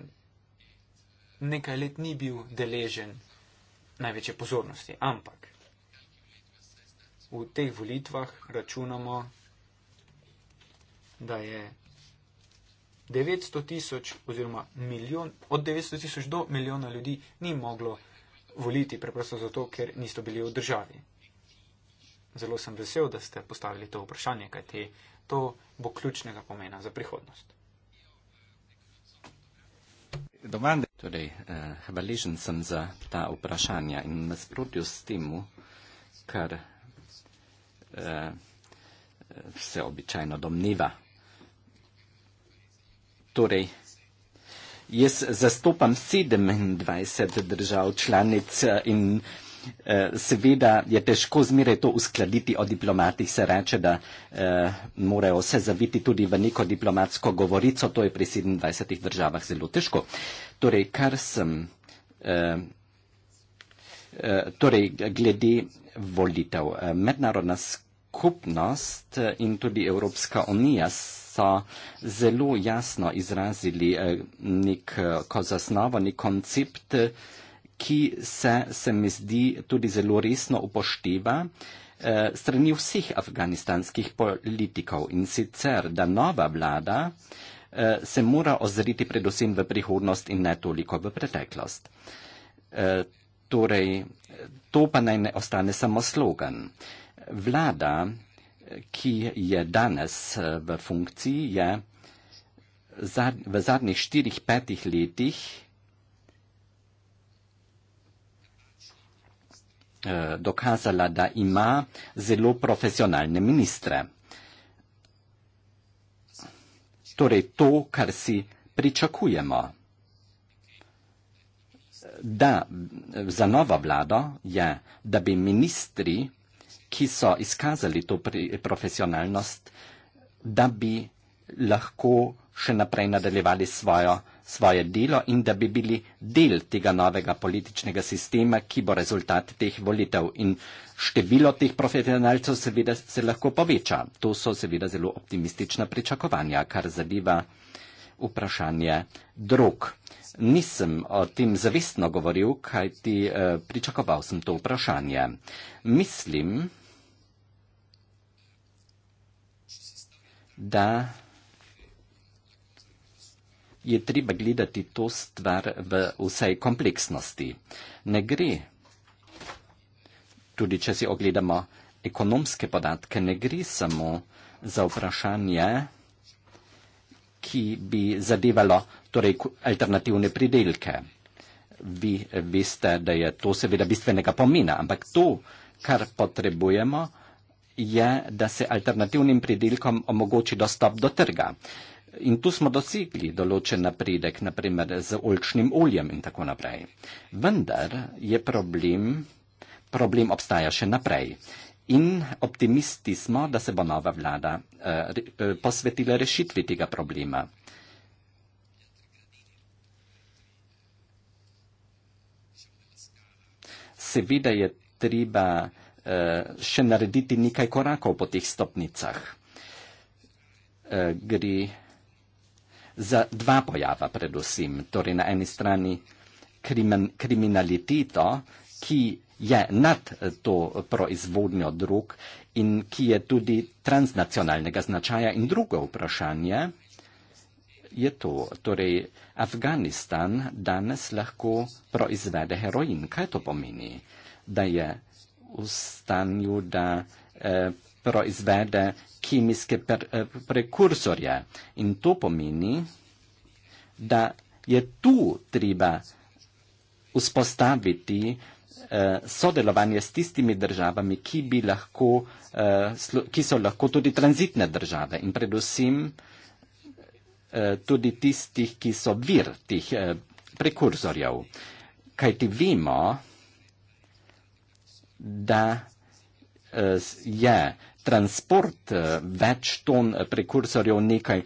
nekaj let ni bil deležen največje pozornosti. Ampak v teh volitvah računamo, da je 900 tisoč oziroma milijon, od 900 tisoč do milijona ljudi ni moglo voliti preprosto zato, ker niso bili v državi. Zelo sem vesel, da ste postavili to vprašanje, kajti to bo ključnega pomena za prihodnost. Torej, eh, hvaležen sem za ta vprašanja in nasprotju s temu, kar eh, se običajno domneva. Torej, jaz zastopam 27 držav članic eh, in 27 držav članic. Eh, seveda je težko zmeraj to uskladiti, o diplomatih se reče, da eh, morajo se zaviti tudi v neko diplomatsko govorico, to je pri 27 državah zelo težko. Torej, kar sem, eh, eh torej, glede volitev, eh, mednarodna skupnost in tudi Evropska unija so zelo jasno izrazili eh, neko zasnovo, nek koncept. Eh, ki se, se mi zdi, tudi zelo resno upošteva eh, strani vseh afganistanskih politikov in sicer, da nova vlada eh, se mora ozriti predvsem v prihodnost in ne toliko v preteklost. Eh, torej, to pa naj ne ostane samo slogan. Vlada, ki je danes eh, v funkciji, je v zadnjih štirih, petih letih Eh, dokazala, da ima zelo profesionalne ministre. Torej to, kar si pričakujemo, da za novo vlado je, da bi ministri, ki so izkazali to profesionalnost, da bi lahko še naprej nadaljevali svojo svoje delo in da bi bili del tega novega političnega sistema, ki bo rezultat teh volitev. In število teh profesionalcev seveda se lahko poveča. To so seveda zelo optimistična pričakovanja, kar zadeva vprašanje drug. Nisem o tem zavestno govoril, kajti eh, pričakoval sem to vprašanje. Mislim, da je treba gledati to stvar v vsej kompleksnosti. Ne gre, tudi če si ogledamo ekonomske podatke, ne gre samo za vprašanje, ki bi zadevalo torej, alternativne pridelke. Vi veste, da je to seveda bistvenega pomena, ampak to, kar potrebujemo, je, da se alternativnim pridelkom omogoči dostop do trga. In tu smo dosegli določen napredek, naprimer z olčnim oljem in tako naprej. Vendar je problem, problem obstaja še naprej. In optimisti smo, da se bo nova vlada eh, re, eh, posvetila rešitvi tega problema. Seveda je treba uh, še narediti nekaj korakov po teh stopnicah. Uh, gre za dva pojava predvsem. Torej na eni strani krimen, kriminaliteto, ki je nad eh, to proizvodnjo drug in ki je tudi transnacionalnega značaja. In drugo vprašanje je to, torej Afganistan danes lahko proizvede heroin. Kaj to pomeni? Da je v stanju, da eh, proizvede kemijske eh, prekursorje. In to pomeni, da je tu treba vzpostaviti eh, sodelovanje s tistimi državami, ki, bi lahko, eh, ki so lahko tudi tranzitne države in predvsem tudi tistih, ki so vir tih prekursorjev. Kaj ti vemo, da je transport eh, več ton eh, prekursorjev nekaj,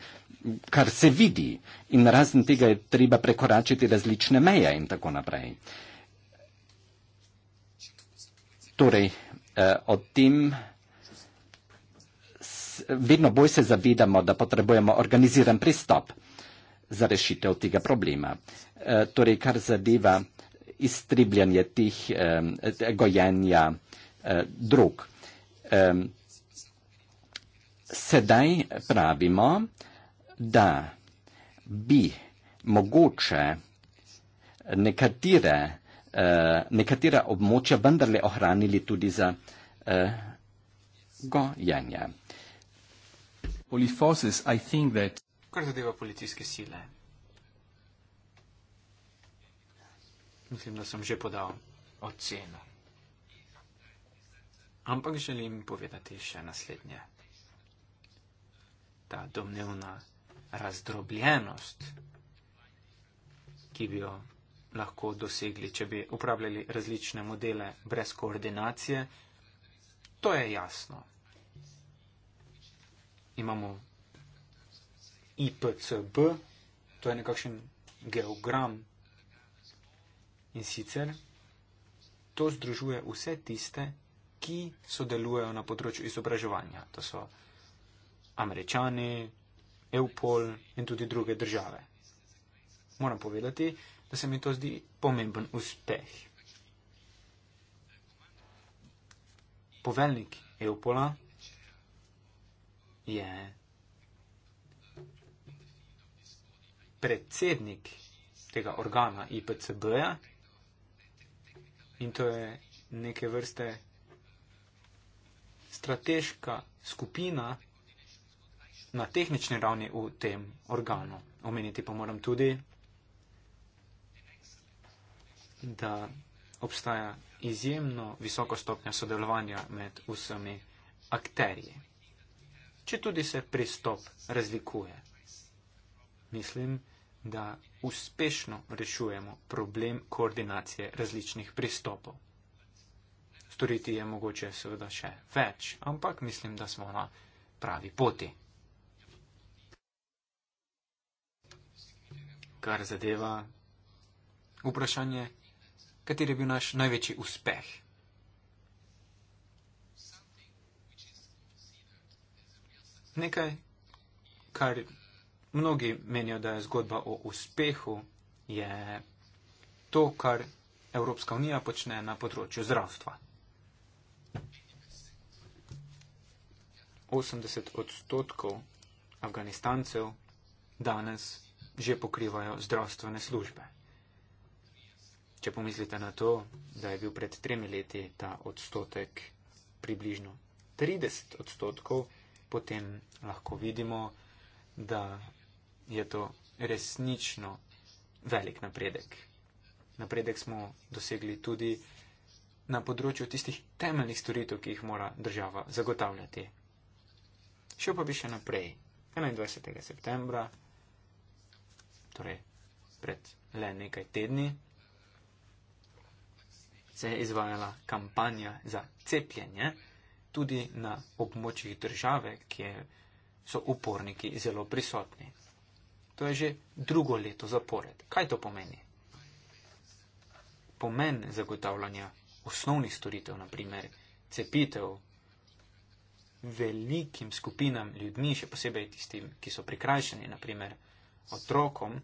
kar se vidi in razen tega je treba prekoračiti različne meje in tako naprej. Torej, eh, o tem vedno bolj se zavedamo, da potrebujemo organiziran pristop za rešitev tega problema. Torej, kar zadeva istribljanje teh gojenja drug sedaj pravimo, da bi mogoče nekatere, eh, nekatera območja vendarle ohranili tudi za eh, gojenje. Kar zadeva policijske sile. Mislim, da sem že podal oceno. Ampak želim povedati še naslednje ta domnevna razdrobljenost, ki bi jo lahko dosegli, če bi upravljali različne modele brez koordinacije, to je jasno. Imamo IPCB, to je nekakšen geogram in sicer to združuje vse tiste, ki sodelujejo na področju izobraževanja. To so američani, Evpol in tudi druge države. Moram povedati, da se mi to zdi pomemben uspeh. Poveljnik Evpola je predsednik tega organa IPCB-ja in to je neke vrste strateška skupina, na tehnični ravni v tem organu. Omeniti pa moram tudi, da obstaja izjemno visoka stopnja sodelovanja med vsemi akterji. Če tudi se pristop razlikuje, mislim, da uspešno rešujemo problem koordinacije različnih pristopov. Storiti je mogoče seveda še več, ampak mislim, da smo na pravi poti. kar zadeva vprašanje, kater je bil naš največji uspeh. Nekaj, kar mnogi menijo, da je zgodba o uspehu, je to, kar Evropska unija počne na področju zdravstva. 80 odstotkov Afganistancev danes že pokrivajo zdravstvene službe. Če pomislite na to, da je bil pred tremi leti ta odstotek približno 30 odstotkov, potem lahko vidimo, da je to resnično velik napredek. Napredek smo dosegli tudi na področju tistih temeljnih storitev, ki jih mora država zagotavljati. Šel pa bi še naprej. 21. septembra torej pred le nekaj tedni, se je izvajala kampanja za cepljenje tudi na območjih države, kjer so uporniki zelo prisotni. To je že drugo leto zapored. Kaj to pomeni? Pomen zagotavljanja osnovnih storitev, naprimer cepitev, velikim skupinam ljudmi, še posebej tistim, ki so prikrajšani, naprimer otrokom,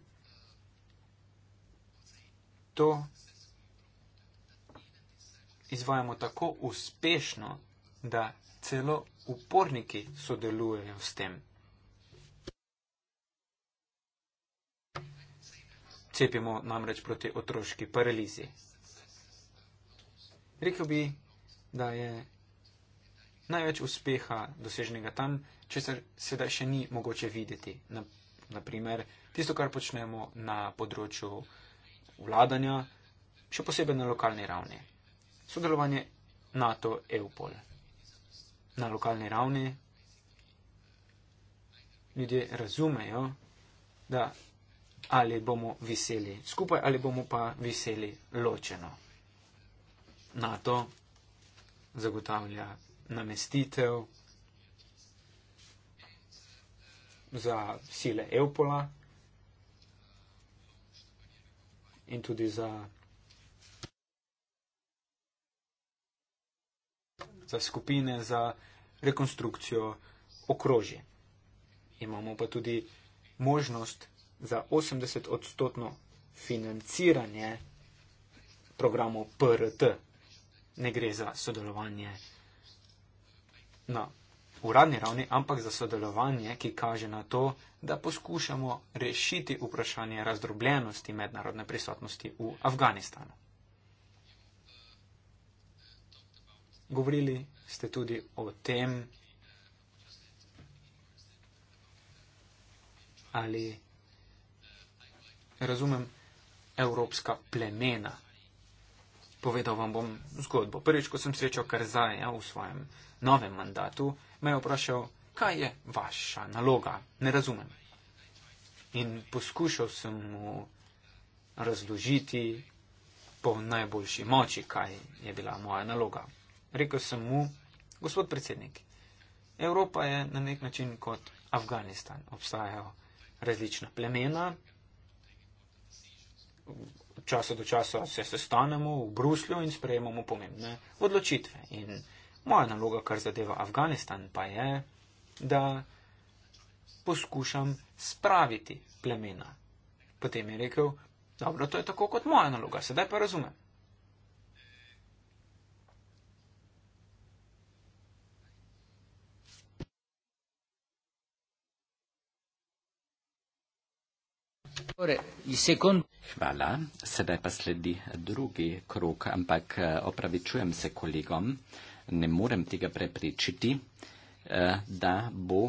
to izvajamo tako uspešno, da celo uporniki sodelujejo s tem. Cepimo namreč proti otroški paralizi. Rekl bi, da je največ uspeha doseženega tam, če se sedaj še ni mogoče videti naprimer tisto, kar počnemo na področju vladanja, še posebej na lokalni ravni. Sodelovanje NATO-EUPOL. Na lokalni ravni ljudje razumejo, da ali bomo veseli skupaj ali bomo pa veseli ločeno. NATO zagotavlja namestitev, za sile Evpola in tudi za, za skupine za rekonstrukcijo okrožje. Imamo pa tudi možnost za 80 odstotno financiranje programov PRT. Ne gre za sodelovanje na uradni ravni, ampak za sodelovanje, ki kaže na to, da poskušamo rešiti vprašanje razdrobljenosti mednarodne prisotnosti v Afganistanu. Govorili ste tudi o tem, ali razumem evropska plemena. Povedal vam bom zgodbo. Prvič, ko sem srečal Karzaja v svojem novem mandatu, me je vprašal, kaj je vaša naloga, ne razumem. In poskušal sem mu razložiti po najboljši moči, kaj je bila moja naloga. Rekl sem mu, gospod predsednik, Evropa je na nek način kot Afganistan. Obstajajo različna plemena. Od časa do časa se sestanemo v Bruslju in sprejemamo pomembne odločitve. In Moja naloga, kar zadeva Afganistan, pa je, da poskušam spraviti plemena. Potem je rekel, dobro, to je tako kot moja naloga, sedaj pa razumem. Torej, Hvala, sedaj pa sledi drugi krok, ampak eh, opravičujem se kolegom ne morem tega prepričiti, eh, da bo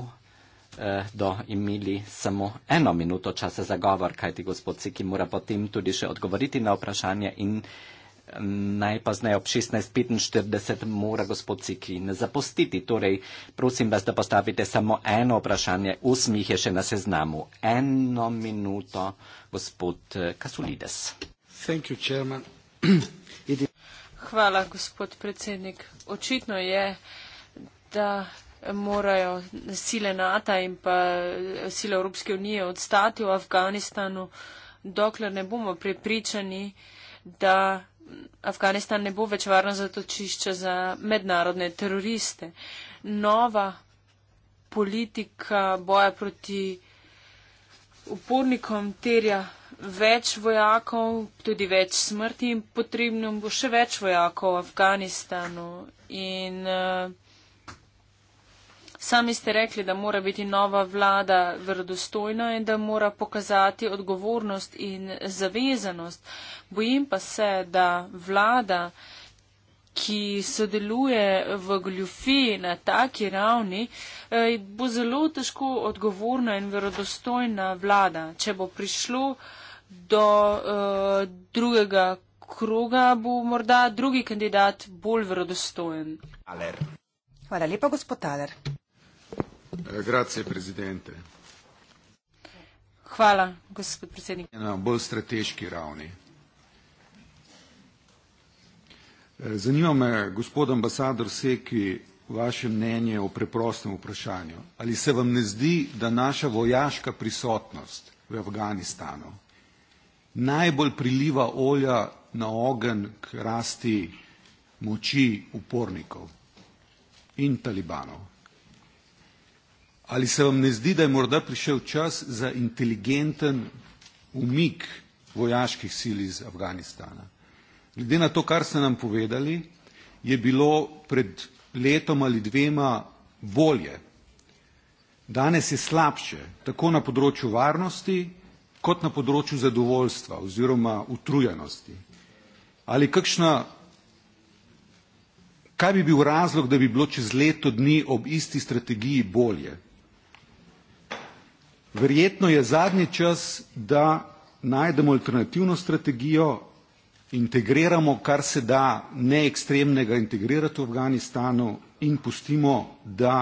eh, do imeli samo eno minuto časa za govor, kajti gospod Siki mora potem tudi še odgovoriti na vprašanje in mm, najpozneje ob 16.45 mora gospod Siki ne zapustiti. Torej, prosim vas, da postavite samo eno vprašanje, usmih je še na seznamu. Eno minuto, gospod eh, Kasulides. Thank you, chairman. [CLEARS THROAT] hvala, gospod predsednik. Očitno je, da morajo sile NATO in pa sile Evropske unije odstati v Afganistanu, dokler ne bomo prepričani, da Afganistan ne bo več varno zatočišče za mednarodne teroriste. Nova politika boja proti upornikom terja več vojakov, tudi več smrti in potrebno bo še več vojakov v Afganistanu. In uh, sami ste rekli, da mora biti nova vlada verodostojna in da mora pokazati odgovornost in zavezanost. Bojim pa se, da vlada, ki sodeluje v gljufiji na taki ravni, eh, bo zelo težko odgovorna in verodostojna vlada. Če bo prišlo uh, do uh, drugega kroga bo morda drugi kandidat bolj verodostojen. Aler. Hvala lepa, gospod Taler. Eh, grazie, prezidente. Hvala, gospod predsednik. Na bolj strateški ravni. Eh, zanima me, gospod ambasador Seki, vaše mnenje o preprostem vprašanju. Ali se vam ne zdi, da naša vojaška prisotnost v Afganistanu najbolj priliva olja na ogenj k rasti moči upornikov in talibanov. Ali se vam ne zdi, da je morda prišel čas za inteligenten umik vojaških sil iz Afganistana? Glede na to, kar ste nam povedali, je bilo pred letom ali dvema bolje. Danes je slabše, tako na področju varnosti, kot na področju zadovoljstva oziroma utrujenosti. Ali kakšna, kaj bi bil razlog, da bi bilo čez leto dni ob isti strategiji bolje? Verjetno je zadnji čas, da najdemo alternativno strategijo, integriramo, kar se da ne ekstremnega integrirati v Afganistanu in pustimo, da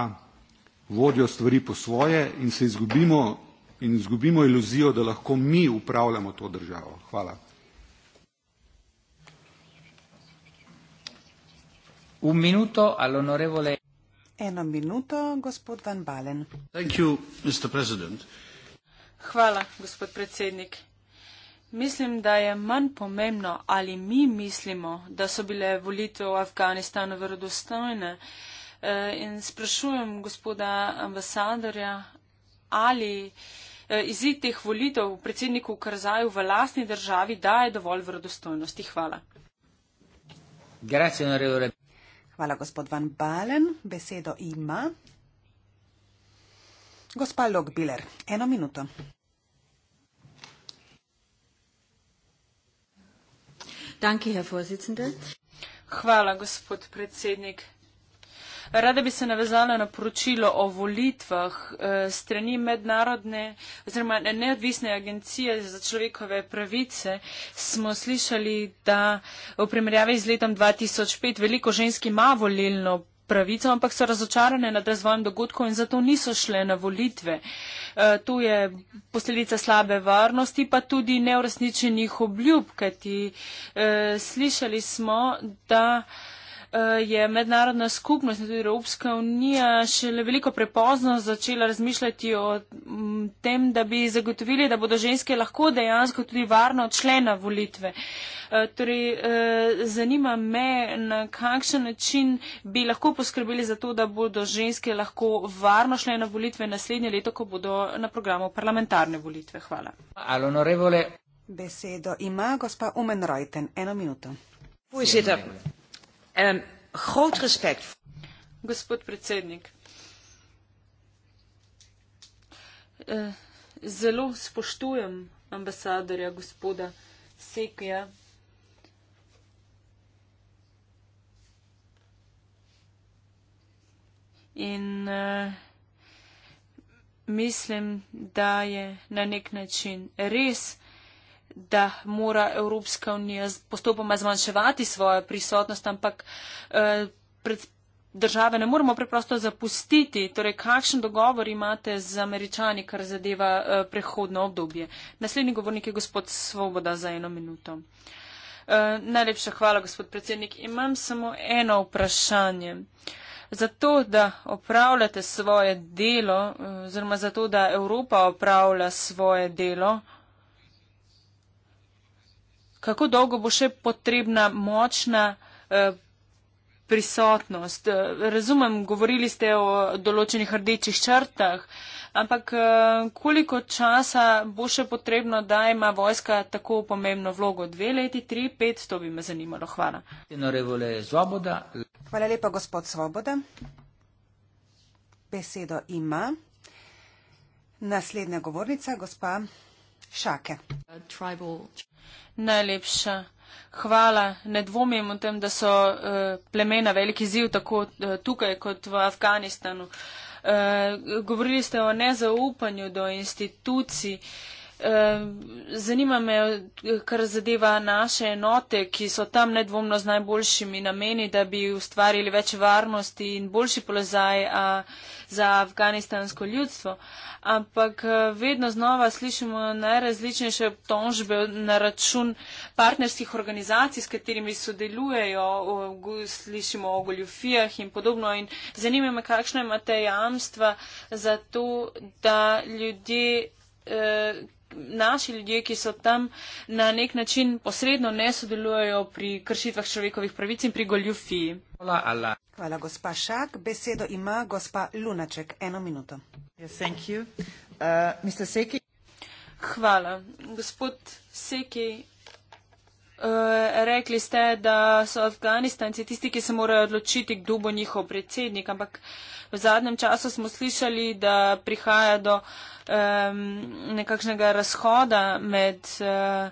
vodijo stvari po svoje in se izgubimo in izgubimo iluzijo, da lahko mi upravljamo to državo. Hvala. Un minuto all'onorevole. Eno minuto, gospod Van Balen. Thank you, Mr. President. Hvala, gospod predsednik. Mislim, da je manj pomembno, ali mi mislimo, da so bile volitve v Afganistanu verodostojne. Eh, in sprašujem gospoda ambasadorja, ali. Eh, izid teh volitev predsedniku Karzaju v lastni državi daje dovolj vrodostojnosti. Hvala. Hvala, gospod Van Balen. Besedo ima gospa Lokbiler. Eno minuto. Danke, Hvala, gospod predsednik. Rada bi se navezala na poročilo o volitvah eh, strani mednarodne oziroma neodvisne agencije za človekove pravice. Smo slišali, da v primerjavi z letom 2005 veliko žensk ima volilno pravico, ampak so razočarane nad razvojem dogodkov in zato niso šle na volitve. E, to je posledica slabe varnosti, pa tudi neuresničenih obljub, kajti e, slišali smo, da Eh, je mednarodna skupnost, tudi Evropska unija, šele veliko prepozno začela razmišljati o mm, tem, da bi zagotovili, da bodo ženske lahko dejansko tudi varno odšle na volitve. Eh, torej, eh, zanima me, na kakšen način bi lahko poskrbeli za to, da bodo ženske lahko varno šle na volitve naslednje leto, ko bodo na programu parlamentarne volitve. Hvala. Besedo ima gospa Umen Reuten. Eno minuto. Voorzitter, en ehm, groot respect. Gospod predsednik, eh, zelo spoštujem ambasadorja gospoda Sekija. In uh, mislim, da je na nek način res uh, da mora Evropska unija postopoma zmanjševati svojo prisotnost, ampak eh, pred države ne moremo preprosto zapustiti. Torej, kakšen dogovor imate z američani, kar zadeva eh, prehodno obdobje? Naslednji govornik je gospod Svoboda za eno minuto. Eh, najlepša hvala, gospod predsednik. Imam samo eno vprašanje. Zato, da opravljate svoje delo, oziroma zato, da Evropa opravlja svoje delo, kako dolgo bo še potrebna močna eh, prisotnost. Eh, razumem, govorili ste o določenih rdečih črtah, ampak eh, koliko časa bo še potrebno, da ima vojska tako pomembno vlogo? Dve leti, tri, pet, to bi me zanimalo. Hvala. Hvala lepa, gospod Svoboda. Besedo ima naslednja govornica, gospa Šake. Najlepša. Hvala. Ne dvomim o tem, da so eh, plemena veliki ziv tako eh, tukaj kot v Afganistanu. Eh, govorili ste o nezaupanju do institucij. Zanima me, kar zadeva naše enote, ki so tam nedvomno z najboljšimi nameni, da bi ustvarili več varnosti in boljši položaj za afganistansko ljudstvo. Ampak eh, vedno znova slišimo najrazličnejše tožbe na račun partnerskih organizacij, s katerimi sodelujejo, slišimo o goljufijah in podobno. In zanima me, kakšne imate jamstva za to, da ljudje. Eh, naši ljudje, ki so tam na nek način posredno ne sodelujejo pri kršitvah človekovih pravic in pri goljufiji. Hvala, Allah. Hvala, gospa Šak. Besedo ima gospa Lunaček. Eno minuto. Yes, thank you. Uh, Seki. Hvala. Gospod Seki, uh, rekli ste, da so Afganistanci tisti, ki se morajo odločiti, kdo bo njihov predsednik, ampak v zadnjem času smo slišali, da prihaja do uh, um, nekakšnega razhoda med uh,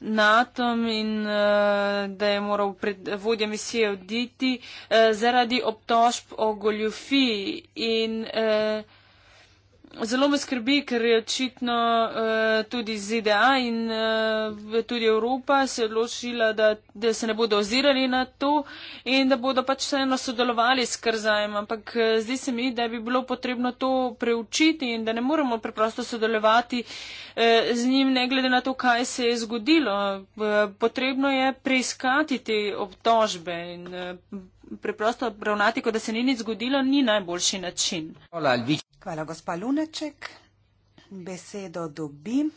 NATO in uh, da je moral pred, vodja misije oditi uh, zaradi obtožb o goljufiji in uh, zelo me skrbi, ker je očitno uh, tudi ZDA in uh, tudi Evropa se odločila, da, da se ne bodo ozirali na to in da bodo pač vseeno sodelovali s krzajem. Ampak eh, zdi se mi, da bi bilo potrebno to preučiti in da ne moremo preprosto sodelovati uh, z njim, ne glede na to, kaj se je zgodilo. Uh, potrebno je preiskati te obtožbe. In, uh, preprosto ravnati, kot da se ni nič zgodilo, ni najboljši način. Hvala, Hvala gospa Luneček. Besedo dobim.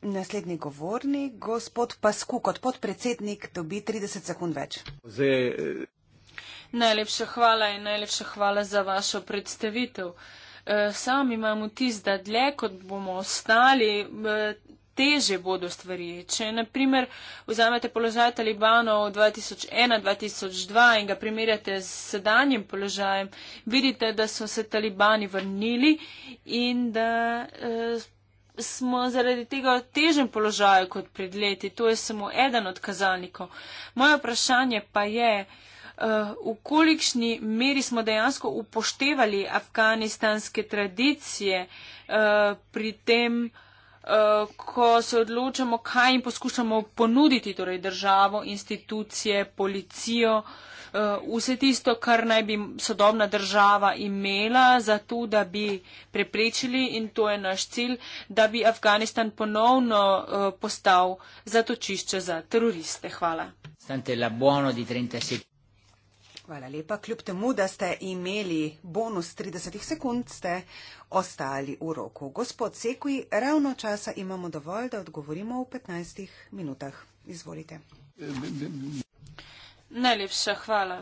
Naslednji govornik, gospod Pasku, kot podpredsednik, dobi 30 sekund več. Zdaj, eh, Najlepša hvala in najlepša hvala za vašo predstavitev. Eh, sam imam vtis, da dlje, kot bomo ostali, eh, teže bodo stvari. Če naprimer vzamete položaj talibanov 2001-2002 in ga primerjate z sedanjim položajem, vidite, da so se talibani vrnili in da e, smo zaradi tega v težjem položaju kot pred leti. To je samo eden od kazalnikov. Moje vprašanje pa je. Eh, v kolikšni meri smo dejansko upoštevali afganistanske tradicije eh, pri tem, Eh, ko se odločamo, kaj jim poskušamo ponuditi, torej državo, institucije, policijo, eh, vse tisto, kar naj bi sodobna država imela, zato da bi preprečili, in to je naš cilj, da bi Afganistan ponovno eh, postal zatočišče za teroriste. Hvala. Hvala lepa. Kljub temu, da ste imeli bonus 30 sekund, ste ostali v roku. Gospod Sekuj, ravno časa imamo dovolj, da odgovorimo v 15 minutah. Izvolite. Najlepša hvala.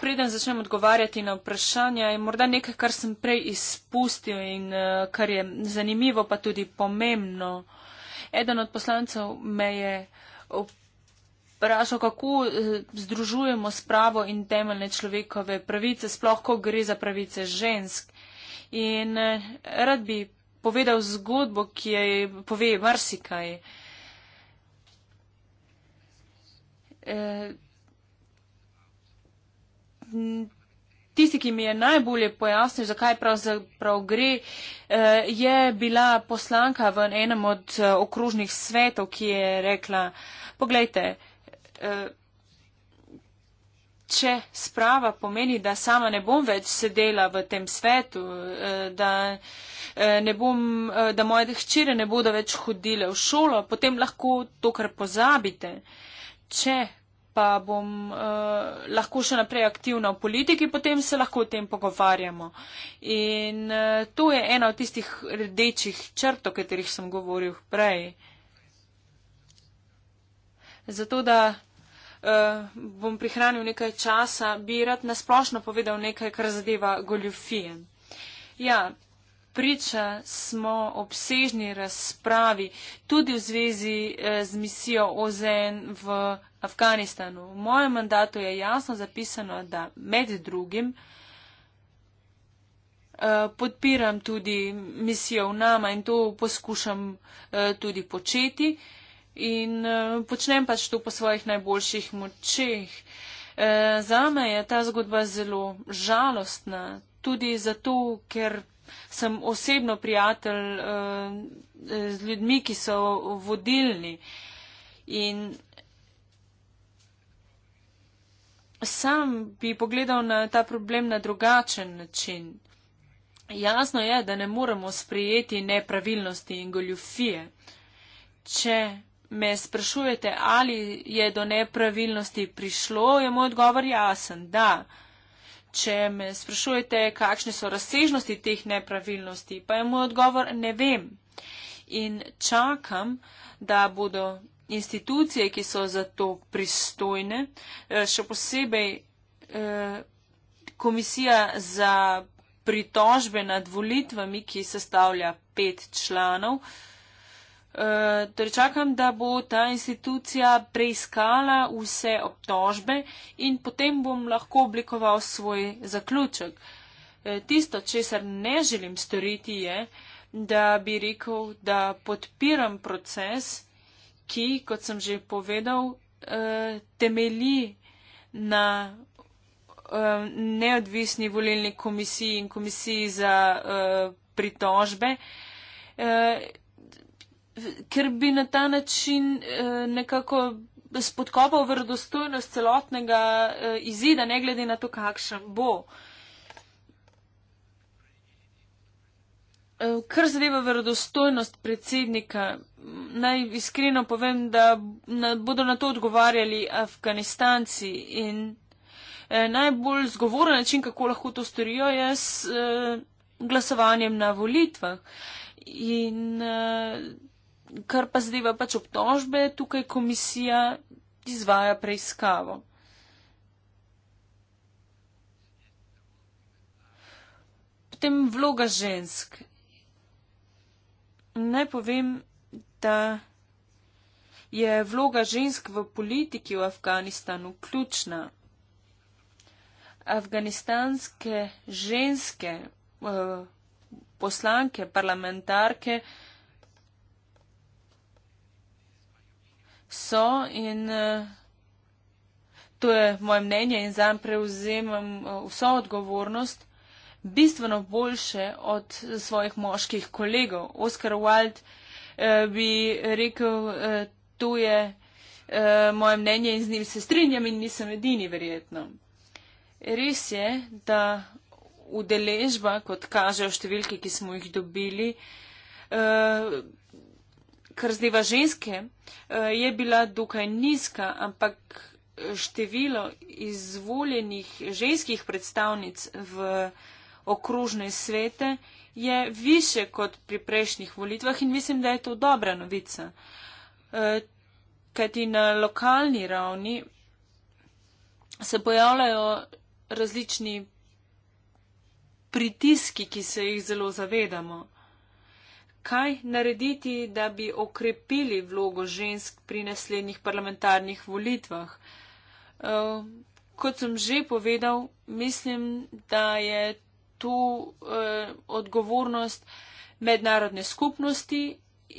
Preden začnem odgovarjati na vprašanja, je morda nekaj, kar sem prej izpustil in eh, kar je zanimivo, pa tudi pomembno. Eden od poslancev me je vprašal, kako eh, združujemo spravo in temeljne človekove pravice, sploh ko gre za pravice žensk. In eh, rad bi povedal zgodbo, ki je pove marsikaj. Eh, tisti, ki mi je najbolje pojasnil, zakaj pravzaprav gre, je bila poslanka v enem od okrožnih svetov, ki je rekla, poglejte, Eh, če sprava pomeni, da sama ne bom več sedela v tem svetu, eh, da, eh, ne bom, da moje hčere ne bodo več hodile v šolo, potem lahko to kar pozabite. Če pa bom lahko še naprej aktivna v politiki, potem se lahko o tem pogovarjamo. In to je ena od tistih rdečih črt, o katerih sem govoril prej. Zato, da Eh, bom prihranil nekaj časa, bi rad nasplošno povedal nekaj, kar zadeva goljofije. Ja, priča smo obsežni razpravi tudi v zvezi eh, z misijo OZN v Afganistanu. V mojem mandatu je jasno zapisano, da med drugim eh, podpiram tudi misijo v nama in to poskušam tudi početi in uh, počnem pač to po svojih najboljših močeh. E, zame je ta zgodba zelo žalostna, tudi zato, ker sem osebno prijatelj e, z ljudmi, ki so vodilni. In sam bi pogledal na ta problem na drugačen način. Jasno je, da ne moremo sprejeti nepravilnosti in goljufije. Če me sprašujete, ali je do nepravilnosti prišlo, je moj odgovor jasen, da. Če me sprašujete, kakšne so razsežnosti teh nepravilnosti, pa je moj odgovor ne vem. In čakam, da bodo institucije, ki so za to pristojne, eh, še posebej eh, komisija za pritožbe nad volitvami, ki sestavlja pet članov, Eh, torej čakam, da bo ta institucija preiskala vse obtožbe in potem bom lahko oblikoval svoj zaključek. Eh, tisto, česar ne želim storiti, je, da bi rekel, da podpiram proces, ki, kot sem že povedal, eh, temeli na neodvisni volilni komisiji in komisiji za pritožbe ker bi na ta način uh, nekako spodkopal verodostojnost celotnega uh, izida, ne glede na to, kakšen bo. Eh, kar zadeva verodostojnost predsednika, naj iskreno povem, da bodo na to odgovarjali Afganistanci in najbolj zgovoren način, kako lahko to storijo, je s glasovanjem na volitvah. In kar pa zadeva pač obtožbe, tukaj komisija izvaja preiskavo. Potem vloga žensk. Naj povem, da je vloga žensk v politiki v Afganistanu ključna. Afganistanske ženske, eh, poslanke, parlamentarke, so in eh, to je moje mnenje in zanj prevzemam eh, vso odgovornost, bistveno boljše od svojih moških kolegov. Oscar Wilde eh, bi rekel, to je moje mnenje in z njim se strinjam in nisem edini verjetno. Res je, da udeležba, kot kažejo številke, ki smo jih dobili, kar zdeva ženske, eh, je bila dokaj nizka, ampak število izvoljenih ženskih predstavnic v okrožne svete je više kot pri prejšnjih volitvah in mislim, da je to dobra novica. Eh, kajti na lokalni ravni se pojavljajo različni pritiski, ki se jih zelo zavedamo kaj narediti, da bi okrepili vlogo žensk pri naslednjih parlamentarnih volitvah. Ehm, kot sem že povedal, mislim, da je tu eh, odgovornost mednarodne skupnosti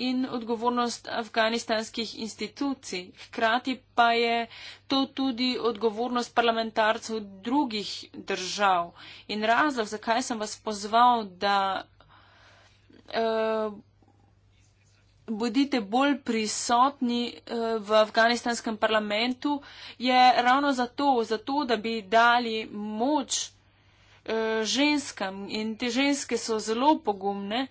in odgovornost afganistanskih institucij. Hkrati pa je to tudi odgovornost parlamentarcev drugih držav. In razlog, zakaj sem vas pozval, da Eh, bodite bolj prisotni eh, v afganistanskem parlamentu, je ravno zato, zato da bi dali moč eh, ženskam in te ženske so zelo pogumne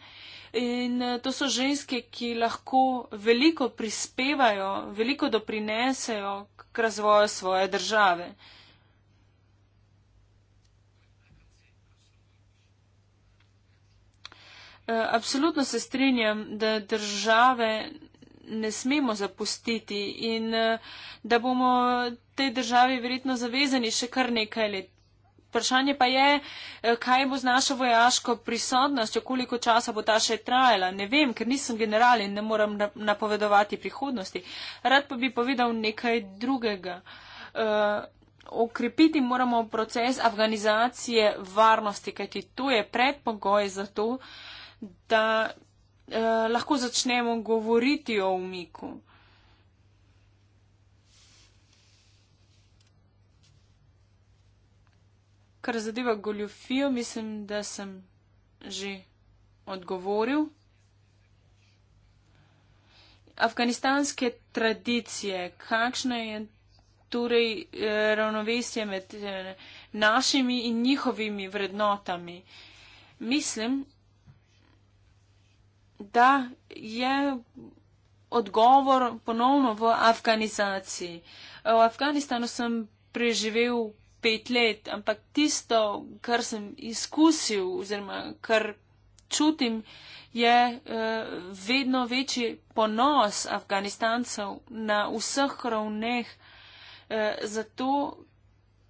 in to so ženske, ki lahko veliko prispevajo, veliko doprinesejo k razvoju svoje države. Eh, absolutno se strinjam, da države ne smemo zapustiti in eh, da bomo tej državi verjetno zavezani še kar nekaj let. Vprašanje pa je, eh, kaj bo z našo vojaško prisotnost, koliko časa bo ta še trajala. Ne vem, ker nisem general in ne moram napovedovati prihodnosti. Rad pa bi povedal nekaj drugega. Okrepiti moramo proces afganizacije varnosti, kajti to je predpogoj za to, da eh, lahko začnemo govoriti o umiku. Kar zadeva goljofijo, mislim, da sem že odgovoril. Afganistanske tradicije, kakšno je torej eh, ravnovesje med eh, našimi in njihovimi vrednotami? Mislim, da je odgovor ponovno v Afganizaciji. V Afganistanu sem preživel pet let, ampak tisto, kar sem izkusil oziroma kar čutim, je eh, vedno večji ponos Afganistancev na vseh ravneh, eh, zato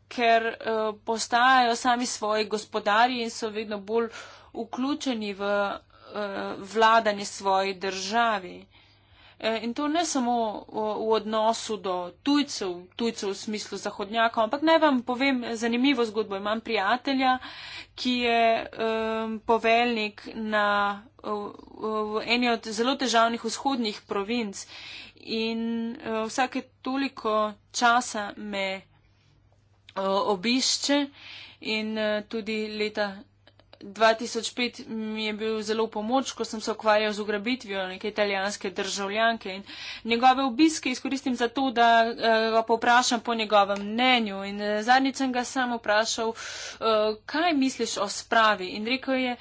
ker eh, postajajo sami svoji gospodari in so vedno bolj vključeni v Eh, vladanje svoji državi. Eh, in to ne samo v odnosu do tujcev, tujcev v smislu zahodnjakov, ampak naj vam povem zanimivo zgodbo. Imam prijatelja, ki je um, poveljnik na, v, v eni od zelo težavnih vzhodnih provinc in uh, vsake toliko časa me uh, obišče in uh, tudi leta 2005 mi je bil zelo pomoč, ko sem se ukvarjal z ugrabitvijo neke italijanske državljanke in njegove obiske izkoristim za to, da eh, ga poprašam po njegovem mnenju. In eh, zadnjič sem ga samo vprašal, eh, kaj misliš o spravi. In rekel je,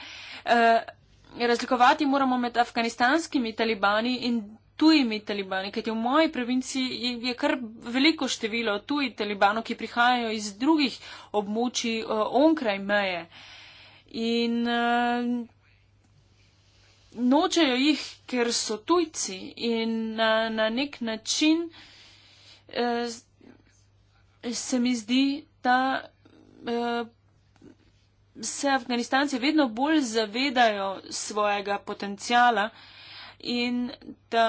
razlikovati moramo med afganistanskimi talibani in tujimi talibani, kajti v moji provinci je kar veliko število tujih talibanov, ki prihajajo iz drugih območij onkraj meje in uh, nočejo jih, ker so tujci in uh, na nek način uh, se mi zdi, da uh, se Afganistanci vedno bolj zavedajo svojega potencijala in da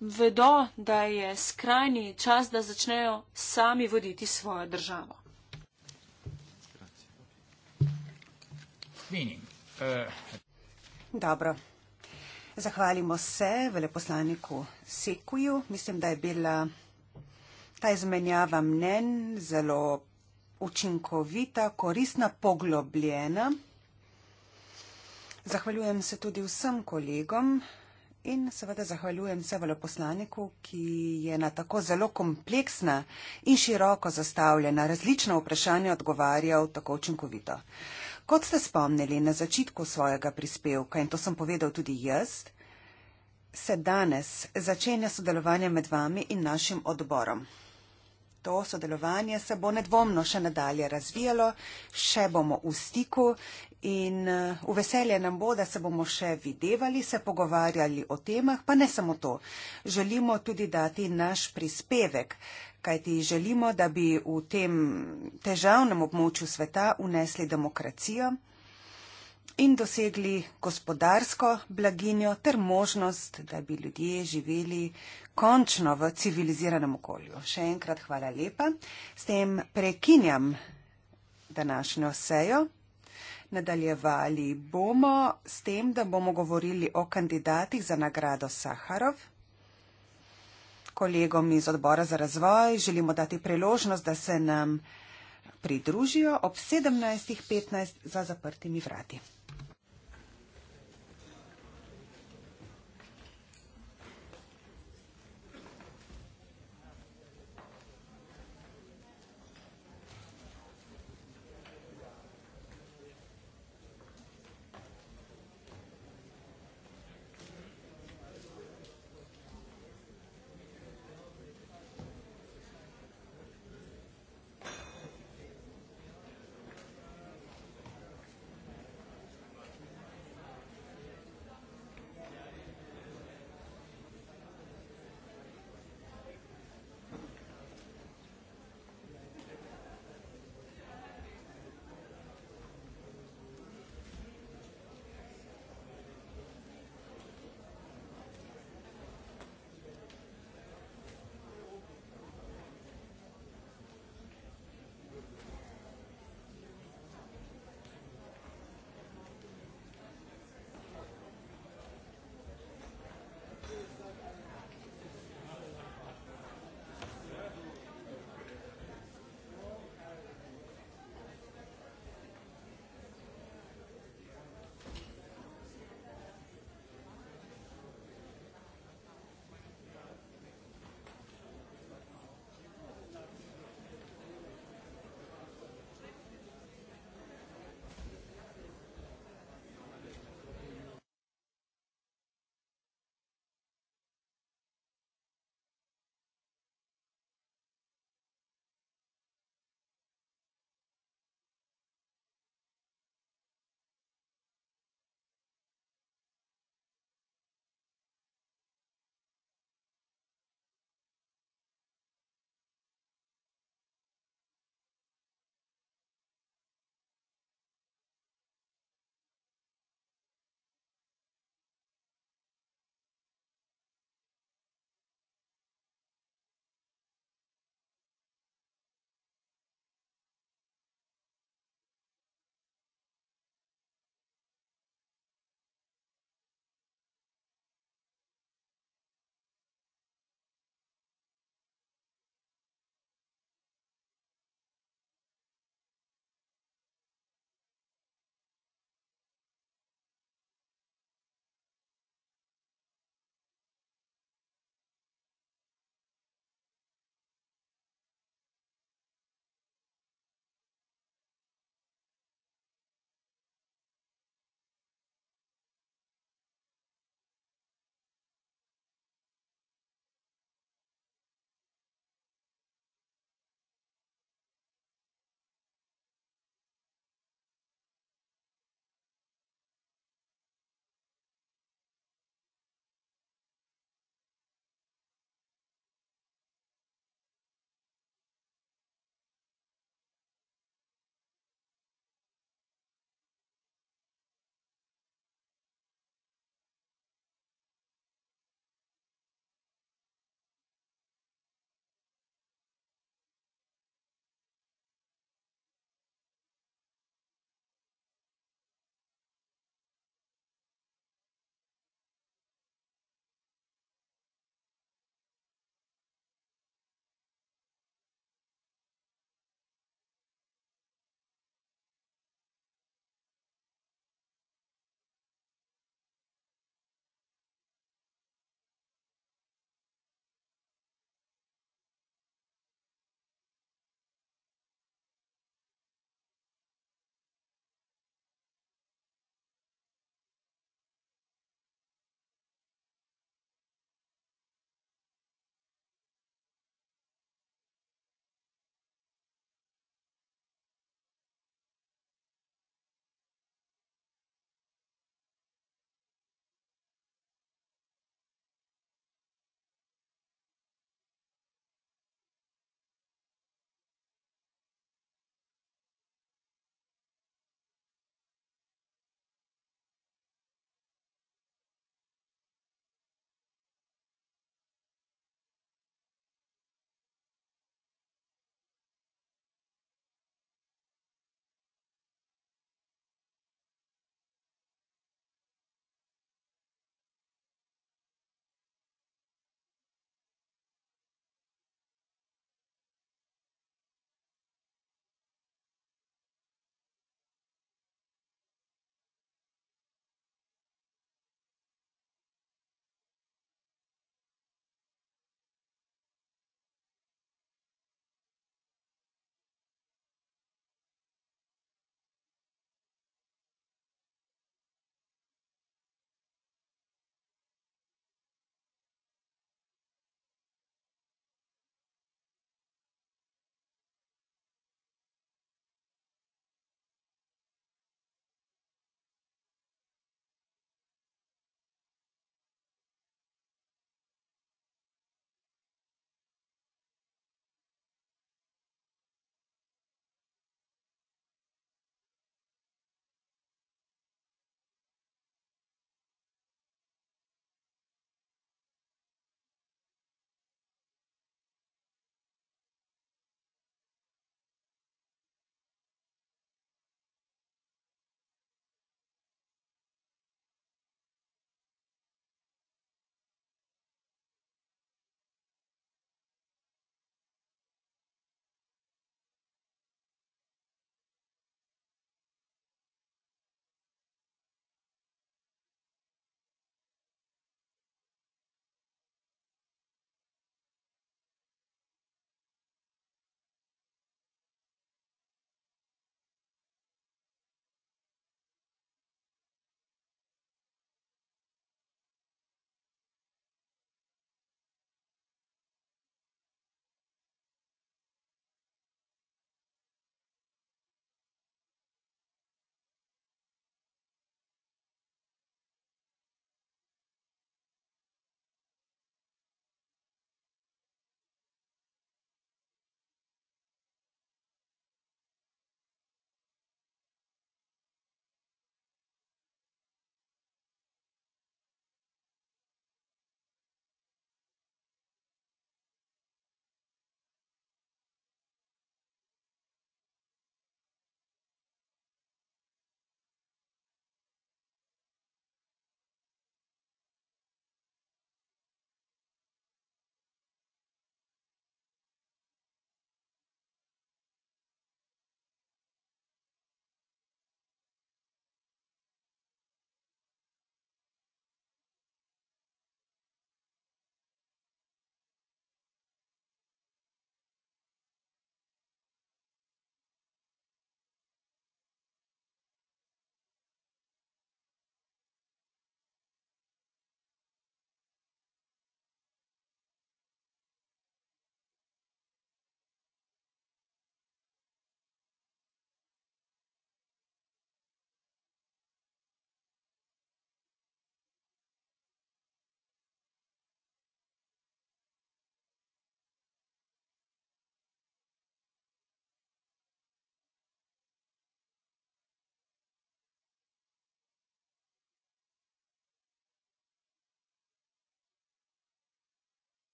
vedo, da je skrajni čas, da začnejo sami voditi svojo državo. meni. Uh, Dobro. Zahvalimo se veleposlaniku Sekuju. Mislim, da je bila ta izmenjava mnen zelo učinkovita, korisna, poglobljena. Zahvaljujem se tudi vsem kolegom in seveda zahvaljujem se veleposlaniku, ki je na tako zelo kompleksna in široko zastavljena različna vprašanja odgovarjal tako učinkovito. Kot ste spomnili na začetku svojega prispevka, in to sem povedal tudi jaz, se danes začenja sodelovanje med vami in našim odborom. To sodelovanje se bo nedvomno še nadalje razvijalo, še bomo v stiku in eh, v veselje nam bo, da se bomo še videvali, se pogovarjali o temah, pa ne samo to. Želimo tudi dati naš prispevek, kajti želimo, da bi v tem težavnem območju sveta unesli demokracijo in dosegli gospodarsko blaginjo ter možnost, da bi ljudje živeli končno v civiliziranem okolju. Še enkrat hvala lepa. S tem prekinjam današnjo sejo. Nadaljevali bomo s tem, da bomo govorili o kandidatih za nagrado Saharov kolegom iz odbora za razvoj želimo dati priložnost, da se nam pridružijo ob 17.15 za zaprtimi vrati.